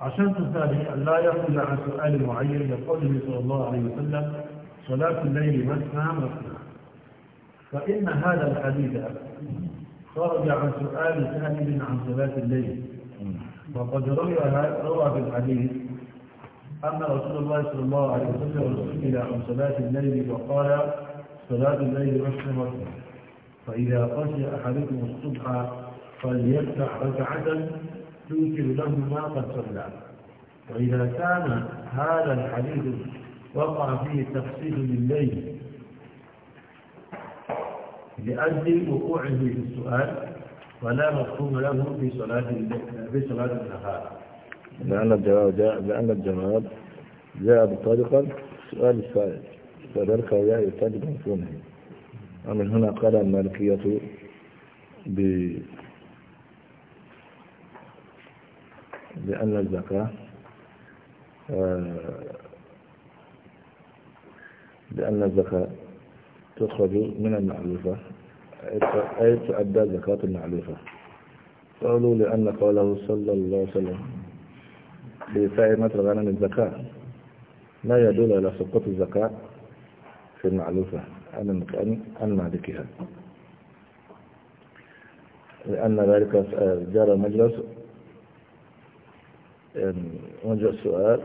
عشان الثاني لا يخرج عن سؤال معين لقوله صلى الله عليه وسلم صلاة الليل مثنى مثنى فإن هذا الحديث خرج عن سؤال سائل عن صلاة الليل وقد روى روى في الحديث أن رسول الله صلى الله عليه وسلم سئل عن صلاة الليل وقال صلاة الليل مشهورة فإذا قسي أحدكم الصبح فليفتح ركعة توكل له ما قد صلى وإذا كان هذا الحديث وقع فيه تفصيل لليل لأجل وقوعه في السؤال فلا مفهوم له في صلاة النهار لأن الجواب جاء لأن الجواب جاء بطريقة سؤال السائل فذلك جاء يعني يحتاج مفهومه ومن هنا قال المالكية ب لأن الزكاة لأن آه، الزكاة تخرج من المعلوفة أي تؤدى زكاة المعلوفة قالوا لأن قوله صلى الله عليه وسلم في مثلا غنم الزكاة لا يدل على سقوط الزكاة في المعلوفة عن مالكها لأن ذلك جرى مجلس وجه السؤال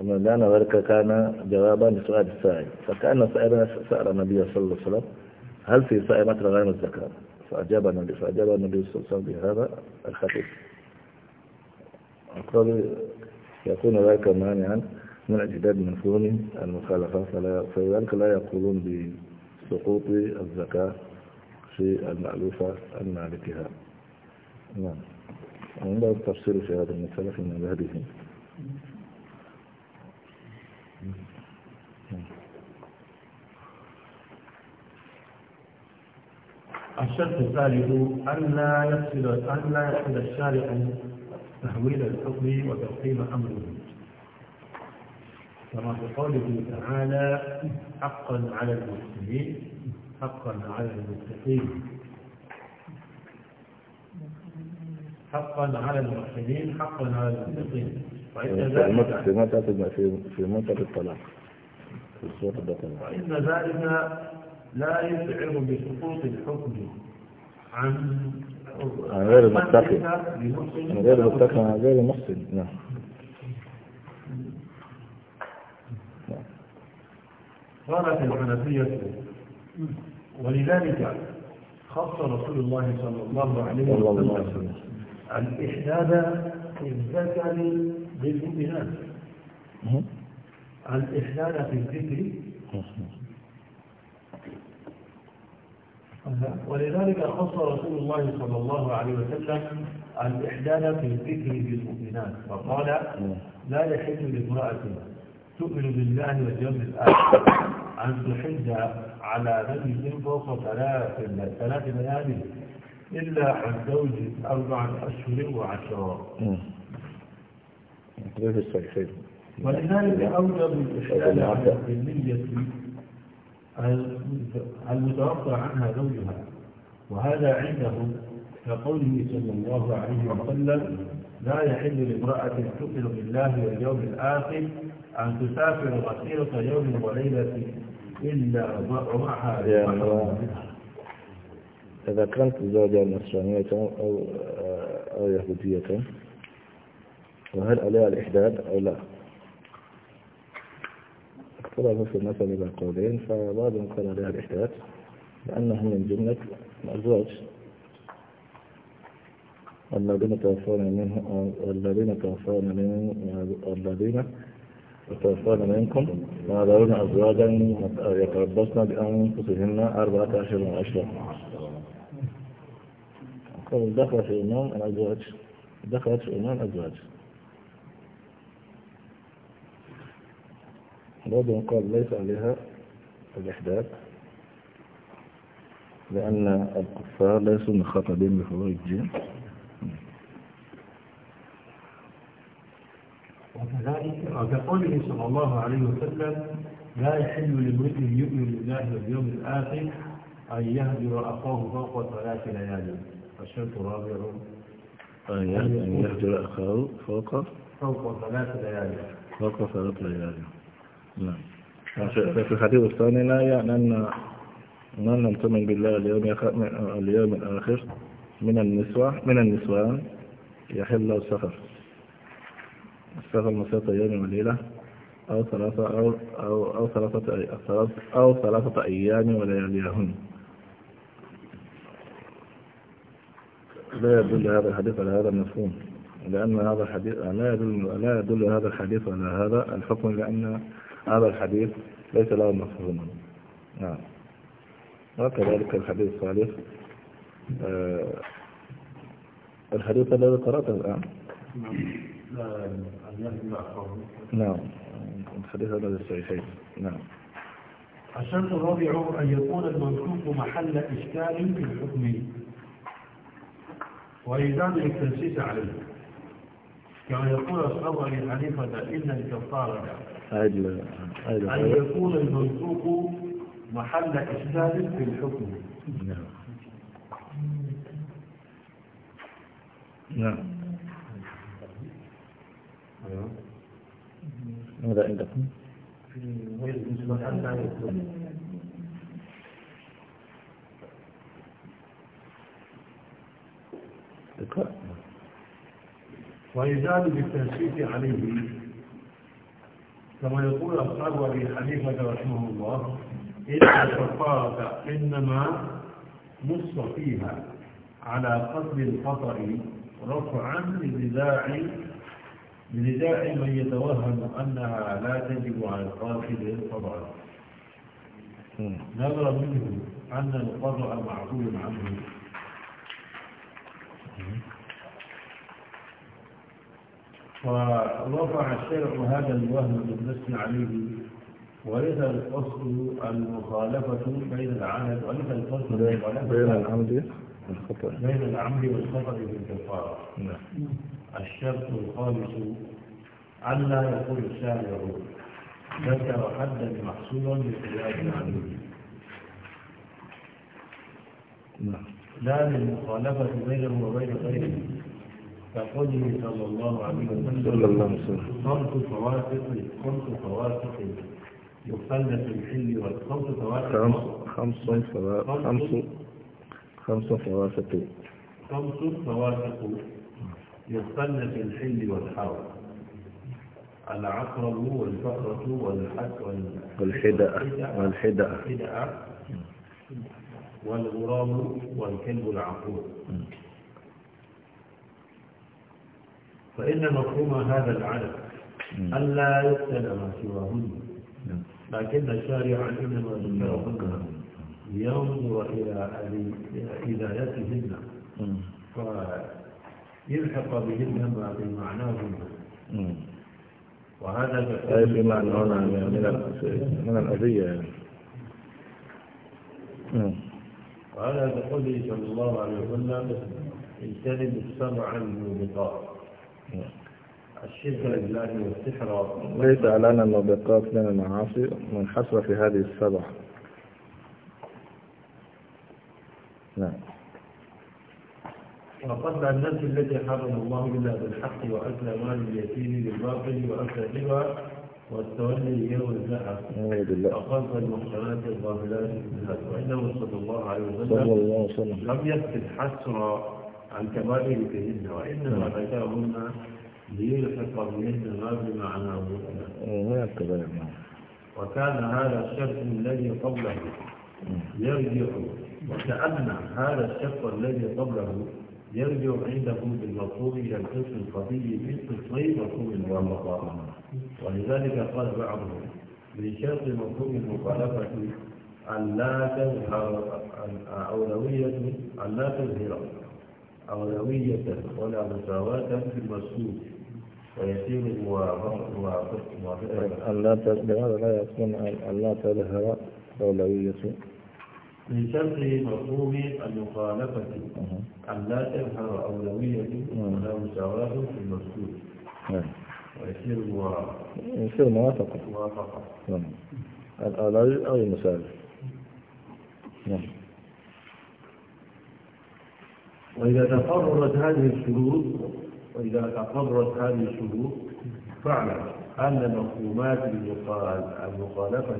لأن ذلك كان جوابا لسؤال السائل فكأن السائل سأل النبي صلى الله عليه وسلم هل في سائمة غنم الزكاة فأجاب النبي فأجاب النبي صلى الله عليه وسلم بهذا الخطيب قال يكون ذلك مانعا من اجداد مفهوم المخالفة فلذلك لا يقولون بسقوط الزكاة في المألوفة المالكها نعم عندنا التفصيل في هذا المسألة في مذهبه الشرط الثالث أن لا يفسد أن لا يفسد الشارع تحويل الحكم وتقسيم أمره كما في قوله تعالى حقا على المسلمين حقا على المتقين حقا على المحسنين حقا على المتقين في منطقة في الطلاق في الصوت وإن ذلك لا يشعر بسقوط الحكم عن أنا غير المتقي غير المتقي غير المحسن نعم. نعم قالت الحنفية ولذلك خص رسول الله صلى الله عليه وسلم الإحداد الذكر بالإناث الإحداد في الذكر ولذلك خص رسول الله صلى الله عليه وسلم الإحلال في الذكر بالمؤمنات فقال نعم. لا يحل لامرأة تؤمن بالله واليوم الآخر أن تحج على نبي فوق ثلاث ثلاث ليالي إلا عن زوج أربعة أشهر وعشرة. نعم. ولذلك أوجب الإحلال بالنية المتوقع عنها زوجها وهذا عندهم كقوله صلى الله عليه وسلم لا يحل لامرأة تؤمن بالله واليوم الآخر أن تسافر مسيرة يوم وليلة إلا ومعها إذا كانت الزوجة نصرانية أو أو يهودية وهل عليها الإحداد أو لا؟ طبعا مثل المثل إلى قولين فبعض قال عليها الإحداث لأنه من جملة الأزواج الذين توفون منه الذين توفون من الذين توفون منكم ويذرون أزواجا يتربصن بأنفسهن أربعة عشر وعشرة دخلت في إمام الأزواج دخلت في إمام الأزواج بعض قال ليس عليها الإحداث لأن الكفار ليسوا مخاطبين بفروع الدين وكذلك وكقوله صلى الله عليه وسلم لا يحل لامرئ يؤمن بالله واليوم الآخر أن يهجر أخاه فوق ثلاث ليال الشرط رابع أن يهجر أخاه فوق فوق ثلاث ليال فوق ثلاث ليال نعم في الحديث الثاني لا يعني أن من لم تؤمن بالله اليوم اليوم الآخر من النسوة من النسوان يحل له السفر السفر مسافة يوم وليلة أو ثلاثة أو أو أو ثلاثة أو ثلاثة أيام ولياليهن لا يدل هذا الحديث على هذا المفهوم لأن هذا الحديث لا يدل لا يدل هذا الحديث على هذا الحكم لأن هذا الحديث ليس له مفهوم نعم وكذلك الحديث الثالث آه الحديث الذي قرأته الآن نعم الحديث الذي الصحيحين نعم الشرط الرابع أن يكون المنصوص محل إشكال في الحكم وإيجاد التنسيس عليه كما يقول أصحاب أبي إن الكفارة أن يكون المنطوق محل إشكال في الحكم نعم نعم ماذا عندكم؟ اقرأ ويزال بالتنسيق عليه كما يقول أصحاب أبي حنيفة رحمه الله إن الكفارة إنما نص فيها على قتل الخطأ رفعا لنداع لنداع من يتوهم أنها لا تجب على القاتل طبعا نظرا منه أن القضاء معقول عنه فرفع الشرع هذا الوهم بالنص عليه ولذا الفصل المخالفة بين العهد وليس المخالفة بين العمد والخطأ بين العمد والخطأ في الكفارة نعم. الشرط الخامس ألا يقول الشارع ذكر حدا محصولا لقياس العمد نعم. لا للمخالفة بينه وبين غيره كقوله صلى الله عليه وسلم خمس فواسق خمس فواسق يقتل في الحل والخمس فواسق خمس خمس خمس فواسق خمس فواسق يقتل في الحل والحرم العقرب والفقرة والحد والحدأ والحدأ والغرام والكلب العقور فإن مفهوم هذا العدد أن يقتل ما سواهن نعم. لكن الشارع إنما ذكرهن نعم. ينظر إلى إدايتهن فيلحق بهن ما بمعناهن وهذا أي بمعنى هنا من من الأذية يعني وهذا بقوله صلى الله عليه وسلم اجتنب السبع الموبقات الشرك بالله والسحر ليس لنا المبقات من المعاصي منحصرة في هذه السبع نعم وقد النفس التي حرم الله إلا بالحق وأكل مال اليتيم بالباطل وأكل الربا والتولي يوم الزحف وخلف المحسنات الغافلات وإنه صلى الله عليه وسلم لم يكتب حسرا عن كبائر كهن وإنما ذكرهن ليلحق بهن ما بمعناه هنا وكان هذا الشرط الذي قبله يرجع وكأن هذا الشرط الذي قبله يرجع عنده بالمطلوب إلى القسم القضي من قسمي مفهوم ومقام ولذلك قال بعضهم من شرط مفهوم المخالفة أن لا تظهر أولوية أن لا تظهر أولوية ولا مساواة في المسجود ويسير بهذا لا يكون أن لا تظهر أولوية من شرط مفهوم المخالفة أن لا تظهر أولوية ولا مساواة في المسجود نعم. ويسير يصير موافقة موافقة نعم. الأولوية أو المساواة نعم وإذا تقررت هذه الشروط وإذا تقررت هذه الشروط فاعلم أن مفهومات المخالفة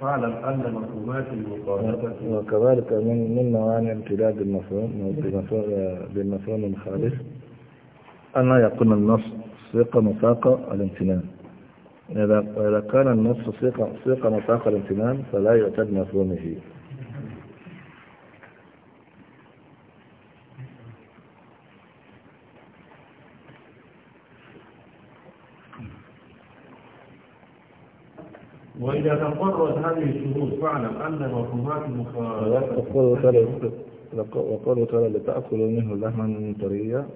فاعلم أن مفهومات المخالفة وكذلك من من موانع المفهوم بالمفهوم بالمفهوم الخالف أن يكون النص ثقة مساق الامتنان إذا كان النص ثقة مساق الامتنان فلا يعتد مفهومه وإذا تقررت هذه الشروط فاعلم أن مفهومات المخالفة وقالوا تعالى لتأكل منه لحما طريا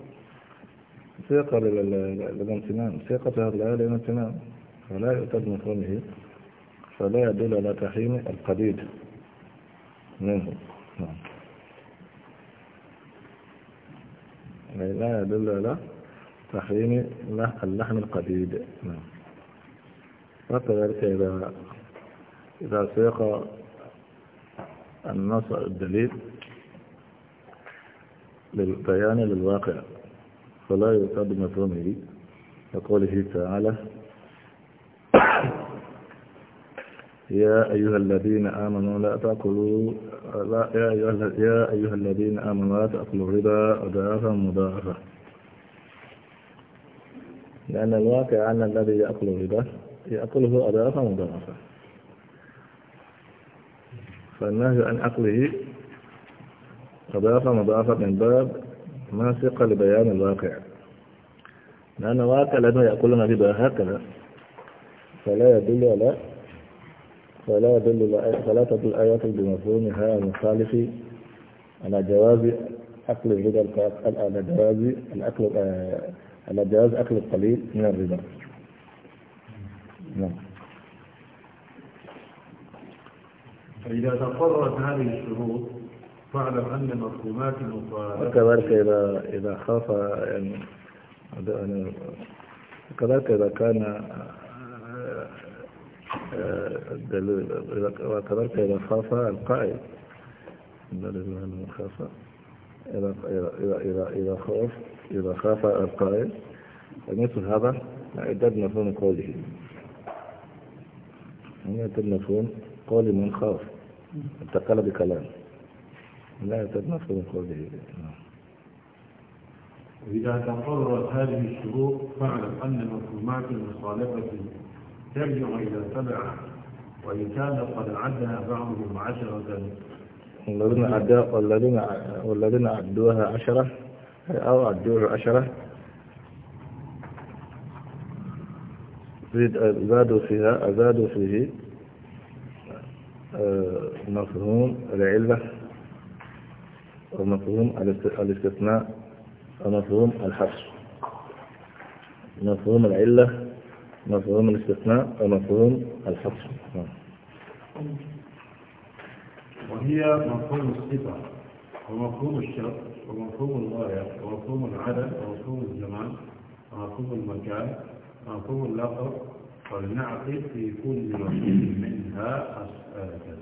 سياقة للامتنان سياقة هذا الآية للامتنان فلا يؤتد مفهومه فلا يدل على تحريم القديد منه نعم لا يدل على تحريم اللحم القديد نعم حتى ذلك إذا إذا سيق النص الدليل للبيان للواقع فلا يعتد مفهومه كقوله تعالى يا أيها الذين آمنوا لا تأكلوا لا يا أيها يا أيها الذين آمنوا لا تأكلوا الربا أضعافا مضاعفة لأن الواقع أن الذي يأكل الربا يأكله أضعافا مضاعفة فالنهي عن عقله أضعافا مضاعفة من باب ما ثقة لبيان الواقع لأن الواقع لأنه يأكلنا ربا هكذا فلا يدل على فلا يدل فلا تدل آيات بمفهومها المخالف على جواز أكل الربا على جواز الأكل آه، على جواز أكل القليل من الربا نعم فإذا تقررت هذه الشروط فاعلم أن مفهومات المخالفة وكذلك إذا إذا خاف يعني كذلك إذا كان آه، آه، وكذلك إذا خاف القائد دليل المخافة إذا إذا إذا إذا خاف إذا خاف القائد فمثل هذا اعددنا مفهوم قوله نية تدنفون قول من خاف انتقل بكلام لا يتم مفهوم قوله وإذا تقررت هذه الشروط فاعلم أن المفهومات المخالفة ترجع إلى سبعة وإن كان قد عدها بعضهم عشرة والذين عدوها عشرة أو عدوها عشرة زيد آه، زادوا فيها أزادوا فيه آه، مفهوم العلة ومفهوم الاستثناء ومفهوم الحصر مفهوم العلة مفهوم الاستثناء ومفهوم الحصر نعم. وهي مفهوم الصفة ومفهوم الشرط ومفهوم الغاية ومفهوم العدد ومفهوم الزمان ومفهوم المكان مفهوم اللقب فلنعقد في كل رسول منها أسئلة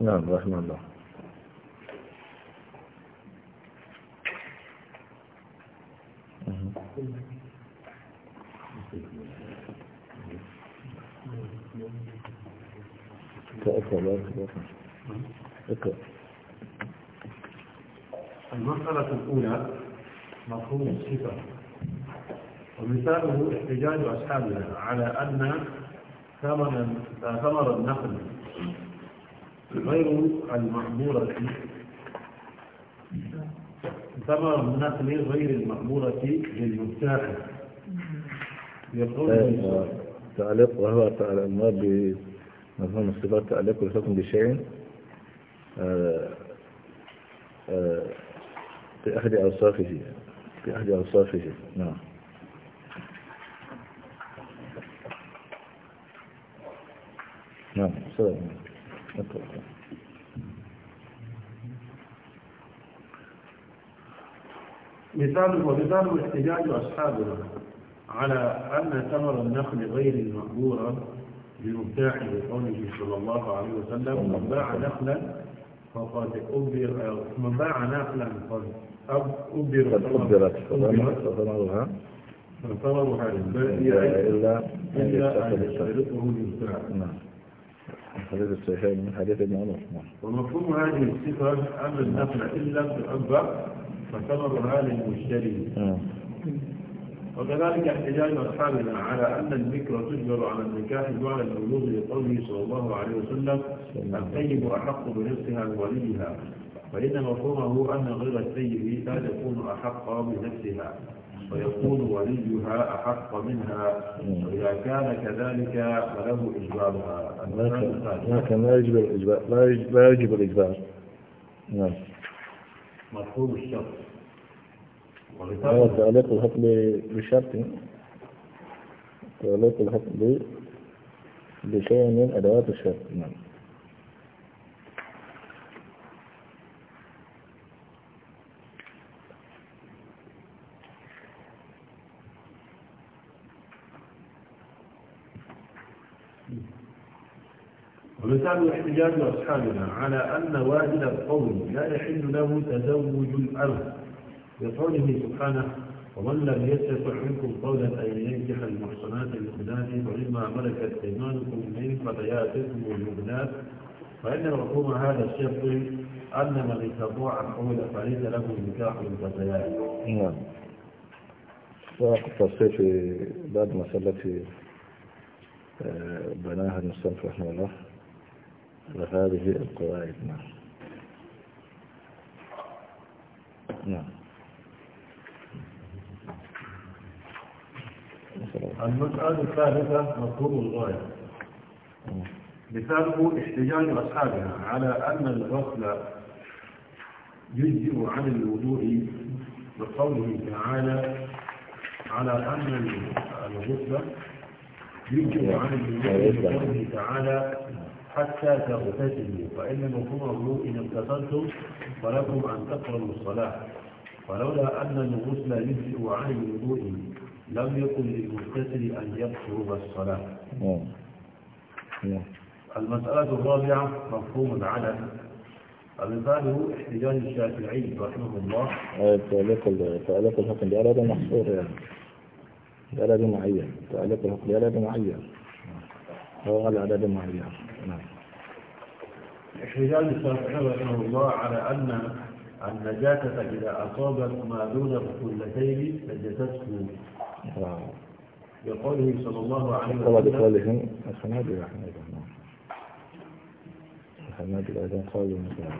نعم رحمه الله المسألة الأولى مفهوم الصفة ومثاله احتجاج أصحابنا على أن ثمن ثمر النخل غير المعمورة ثمر النخل غير المعمورة للمبتاع طيب، آه، تعليق وهو تعليق بمفهوم الصفات تعليق الحكم بشيء آه، آه، في أحد أوصافه في أحد أوصافه نعم نعم سلام مثال ومثال احتجاج أصحابنا على أن ثمر النخل غير المأمورة بمبتاعه لقوله صلى الله عليه وسلم من باع نخلا فقد أبر من باع نخلا فقد قد أبرت ثمرها فثمرها للبائع إلا أن يستخلصه حديث الصحيحين من حديث ابن عمر ومفهوم هذه الصفة أن النفل إن لم تعبر فثمرها للمشتري آه. وكذلك احتجاج أصحابنا على أن الذكر تجبر على النكاح بعد الولوغ لقوله صلى الله عليه وسلم الطيب أحق بنفسها بوليها فإن مفهومه أن غير السيد لا تكون أحق بنفسها ويكون وليها أحق منها وإذا كان كذلك فله إجبارها لكن لا يجب الإجبار لا يجب الإجبار نعم مفهوم الشرط هذا تعليق الحكم بشرط تعليق الحكم بشيء من أدوات الشرط نعم ومثال احتجاج أصحابنا على أن واجد القوم لا يحل له تزوج الأرض لقوله سبحانه ومن لم يستطع منكم قولا أن ينجح المحصنات المؤمنات ومما ملكت أيمانكم من فتياتكم المؤمنات فإن مفهوم هذا الشرط أن من استطاع القول فليس له نكاح الفتيات. نعم. وقت في بعد مسألة آه، بناها المستنفع رحمه الله وهذه القواعد نعم نعم المسألة الثالثة مطلوب الغاية مثاله احتجاج أصحابها على أن الغسل يجزئ عن الوضوء بقوله تعالى على أن الغسل يجزئ عن الوضوء بقوله تعالى حتى تغتسلوا فإن نفور إن اغتسلتم فلكم أن تقرموا الصلاة ولولا أن الغسل يجزئ عن الوضوء لم يكن للمغتسل أن يقصر الصلاة نعم. نعم. المسألة الرابعة مفهوم العدد قاله احتجاج الشافعي رحمه الله طيب، تعليق تعليق الحكم بأراد محصور يعني بأراد معين تعليق الحكم بأراد معين هو الأعداد معين نعم. احتجاج الشافعي رحمه الله على أن النجاسة إذا أصابت ما دون الكلتين نجسته نعم. بقوله صلى الله عليه وسلم بقولهم الحنابلة الحنابلة الحنابلة إذا قالوا مثلا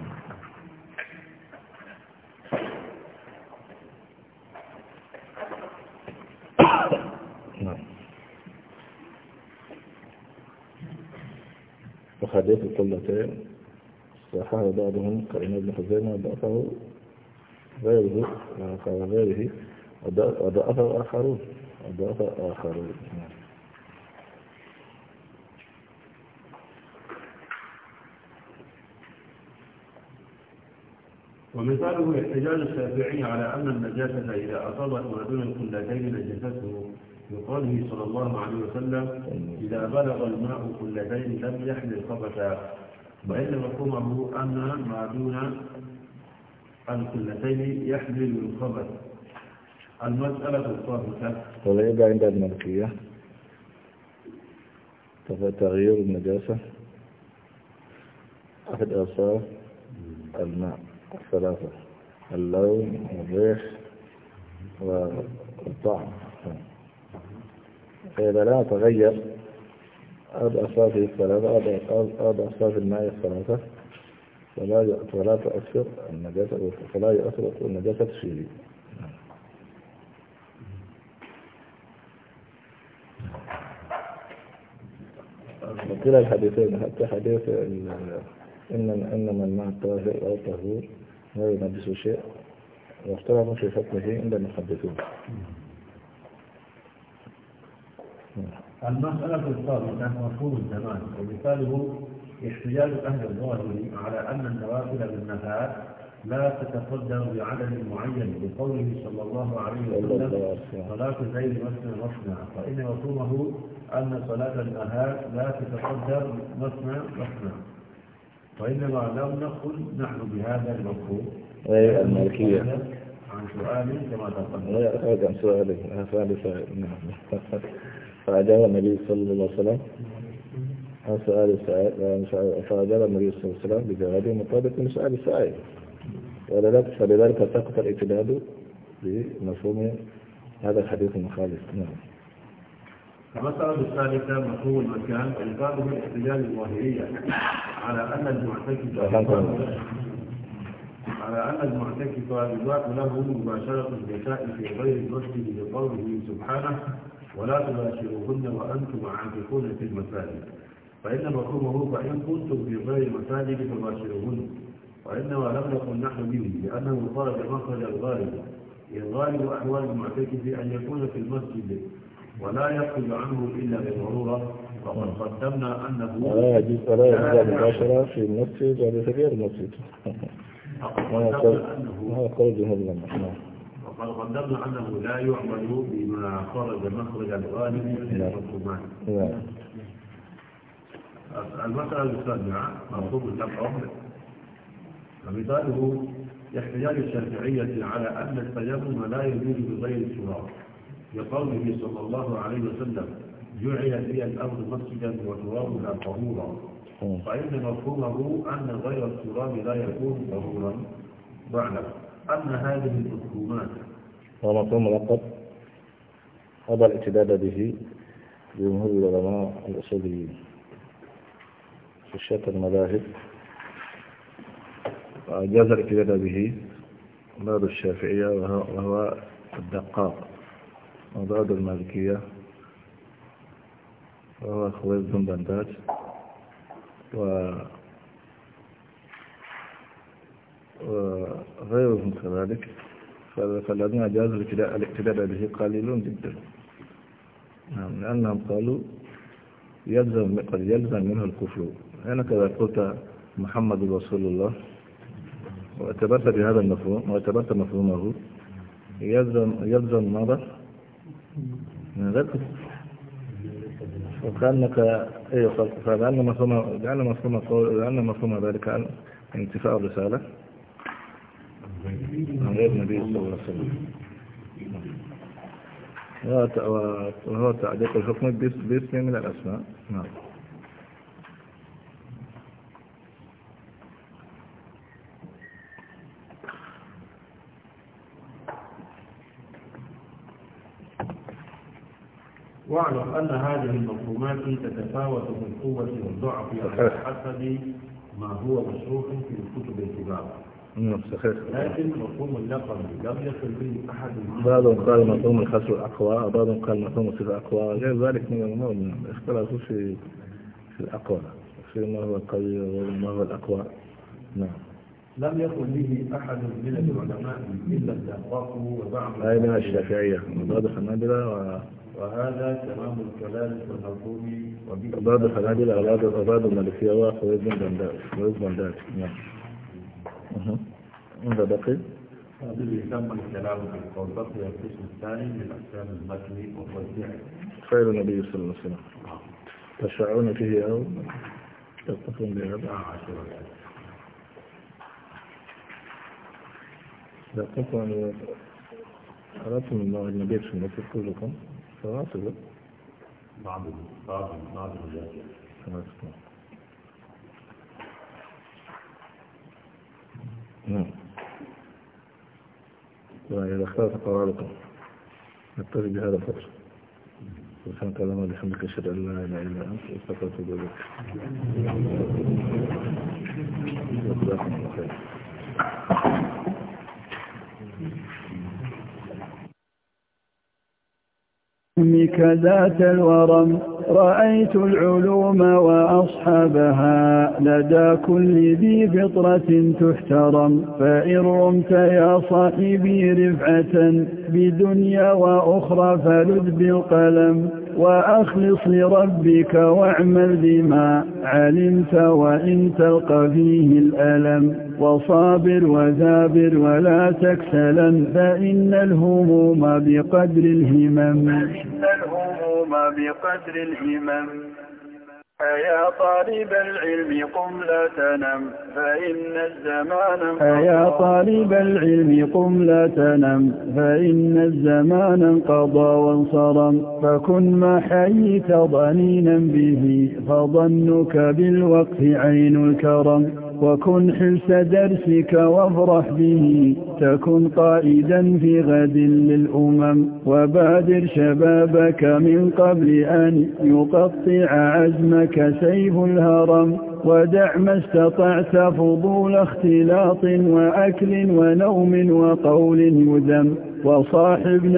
وحديث القلتين صححه بعضهم كإمام ابن خزيمة وضعفه غيره غيره وضعفه آخرون وضعفه آخرون ومثاله احتجاج الشافعي على أن النجاسة إذا أصابت ما دون القلتين نجسته بقوله صلى الله عليه وسلم إذا بلغ الماء كلتين لم يحمل خبثا وإن مفهومه أن ما دون الكلتين يحمل الخبث المسألة الثالثة ولا عند الملكية تغيير النجاسة أحد أوصاف الماء الثلاثة اللون والريح والطعم فإذا لا تغير أبع صافي الثلاثة أبع صافي الماء الثلاثة فلا ولا تؤثر النجاسة فلا يؤثر النجاسة فيه كلا الحديثين حتى حديث إن إن من مع الطاهر أو الطهور لا ينجس شيء واختلفوا في حكمه عند المحدثون المسألة الثالثة مفهوم الزمان ومثاله احتجاج أهل الظاهر على أن النوافل بالنهار لا تتقدم بعدد معين بقوله صلى الله عليه وسلم صلاة الليل مثنى مثنى فإن مفهومه أن صلاة النهار لا تتقدم مثنى مثنى وإنما لم نقل نحن بهذا المفهوم أي الملكية عن سؤالي كما تقدم. لا عن سؤالي سؤالي نعم فأجاب النبي صلى الله عليه وسلم عن سؤال السائل فأجاب النبي صلى الله عليه وسلم بجوابه مطابق لسؤال السائل ولذلك فلذلك سقط الاعتداد بمفهوم هذا الحديث المخالف نعم المسألة الثالثة مفهوم المكان إلزامه الاحتجاج الظاهرية على أن المعتكف على أن المعتكف يباح له مباشرة الزكاة في غير مسجد لقوله سبحانه ولا تباشروهن وأنتم عاكفون في المساجد فإن مفهومه فإن كنتم في غير المساجد فباشروهن وإنما لم نكن نحن به لأنه خرج مخرج الغالب الغالب أحوال المعتكف أن يكون في المسجد ولا يخرج عنه إلا بالضرورة وقد قدمنا أنه لا يجوز ولا يجوز مباشرة في المسجد ولا في غير المسجد وقد قدمنا أنه قد قدمنا أنه لا يعمل بما خرج مخرج الغالب من المرسومات المسألة الثانية مرسوم الدفع ومثاله احتجاج الشافعية على أن التيمم لا يجوز بغير التراب لقوله صلى الله عليه وسلم جعل في الأرض مسجدا وترابها طهورا اه. فإن مفهومه أن غير التراب لا يكون طهورا واعلم أن هذه المفهومات هو مفهوم ملقب أبى الاعتداد به جمهور العلماء الأصوليين في شتى المذاهب وأجاز الاعتداد به بعض الشافعية وهو الدقاق وبعض المالكية وهو خويز بن بنداج و وغيرهم كذلك فالذين جازوا الاقتداء به قليلون جدا نعم، لأنهم قالوا يلزم قد يلزم منه الكفر أنا كذا قلت محمد رسول الله واعتبرت بهذا المفهوم واعتبرت مفهومه يلزم يلزم ماذا؟ من ذكر وكأنك ايوه فلأن مفهوم لأن مفهوم لأن مفهوم ذلك انتفاء الرسالة من غير النبي صلى الله عليه وسلم وهو تعليق الحكم باسم من الأسماء نعم واعلم أن هذه المفهومات تتفاوت من قوة والضعف على حسب ما هو مشروح في الكتب الكبار صحيح لكن مفهوم لم به أحد بعضهم قال مفهوم الخسر أقوى بعضهم قال مفهوم الصفة أقوى غير ذلك من الأمور اختلفوا في في الأقوى في ما هو القوي وما هو الأقوى نعم لم يقل به أحد من العلماء إلا الدقاق وبعض أي من الشافعية بعض الحنابلة و... وهذا تمام الكلام في والمفهوم وبعض الحنابلة وبعض المالكية وخويز بن دنداش خويز بن دنداش نعم ماذا بقي؟ خير الكلام بقي القسم الثاني من النبي صلى الله عليه وسلم تشعرون فيه أو يتقون بهذا آه، عشرة دقيقة أن أردتم الله النبي الله عليه كلكم فواصلوا بعض بعض بعض الجاهل نعم وإذا طيب، اختلف قراركم نقتدي بهذا الفصل سبحانك اللهم وبحمدك أشهد أن لا إله إلا أنت أستغفرك وأتوب إليك جزاكم الله خير ذات الورم رأيت العلوم وأصحابها لدى كل ذي فطرة تحترم فإن رمت يا صاحبي رفعة بدنيا وأخرى فلذ بالقلم وأخلص لربك واعمل بما علمت وإن تلقى فيه الألم وصابر وذابر ولا تكسلا فإن الهموم بقدر الهمم فإن الهموم العلوم بقدر الهمم أيا طالب العلم قم لا تنم فإن الزمان أيا طالب العلم قم لا تنم فإن الزمان انقضى وانصرم فكن ما حييت ضنينا به فظنك بالوقت عين الكرم وكن حلس درسك وافرح به تكن قائدا في غد للأمم وبادر شبابك من قبل أن يقطع عزمك سيف الهرم ودع ما استطعت فضول اختلاط وأكل ونوم وقول يذم وصاحب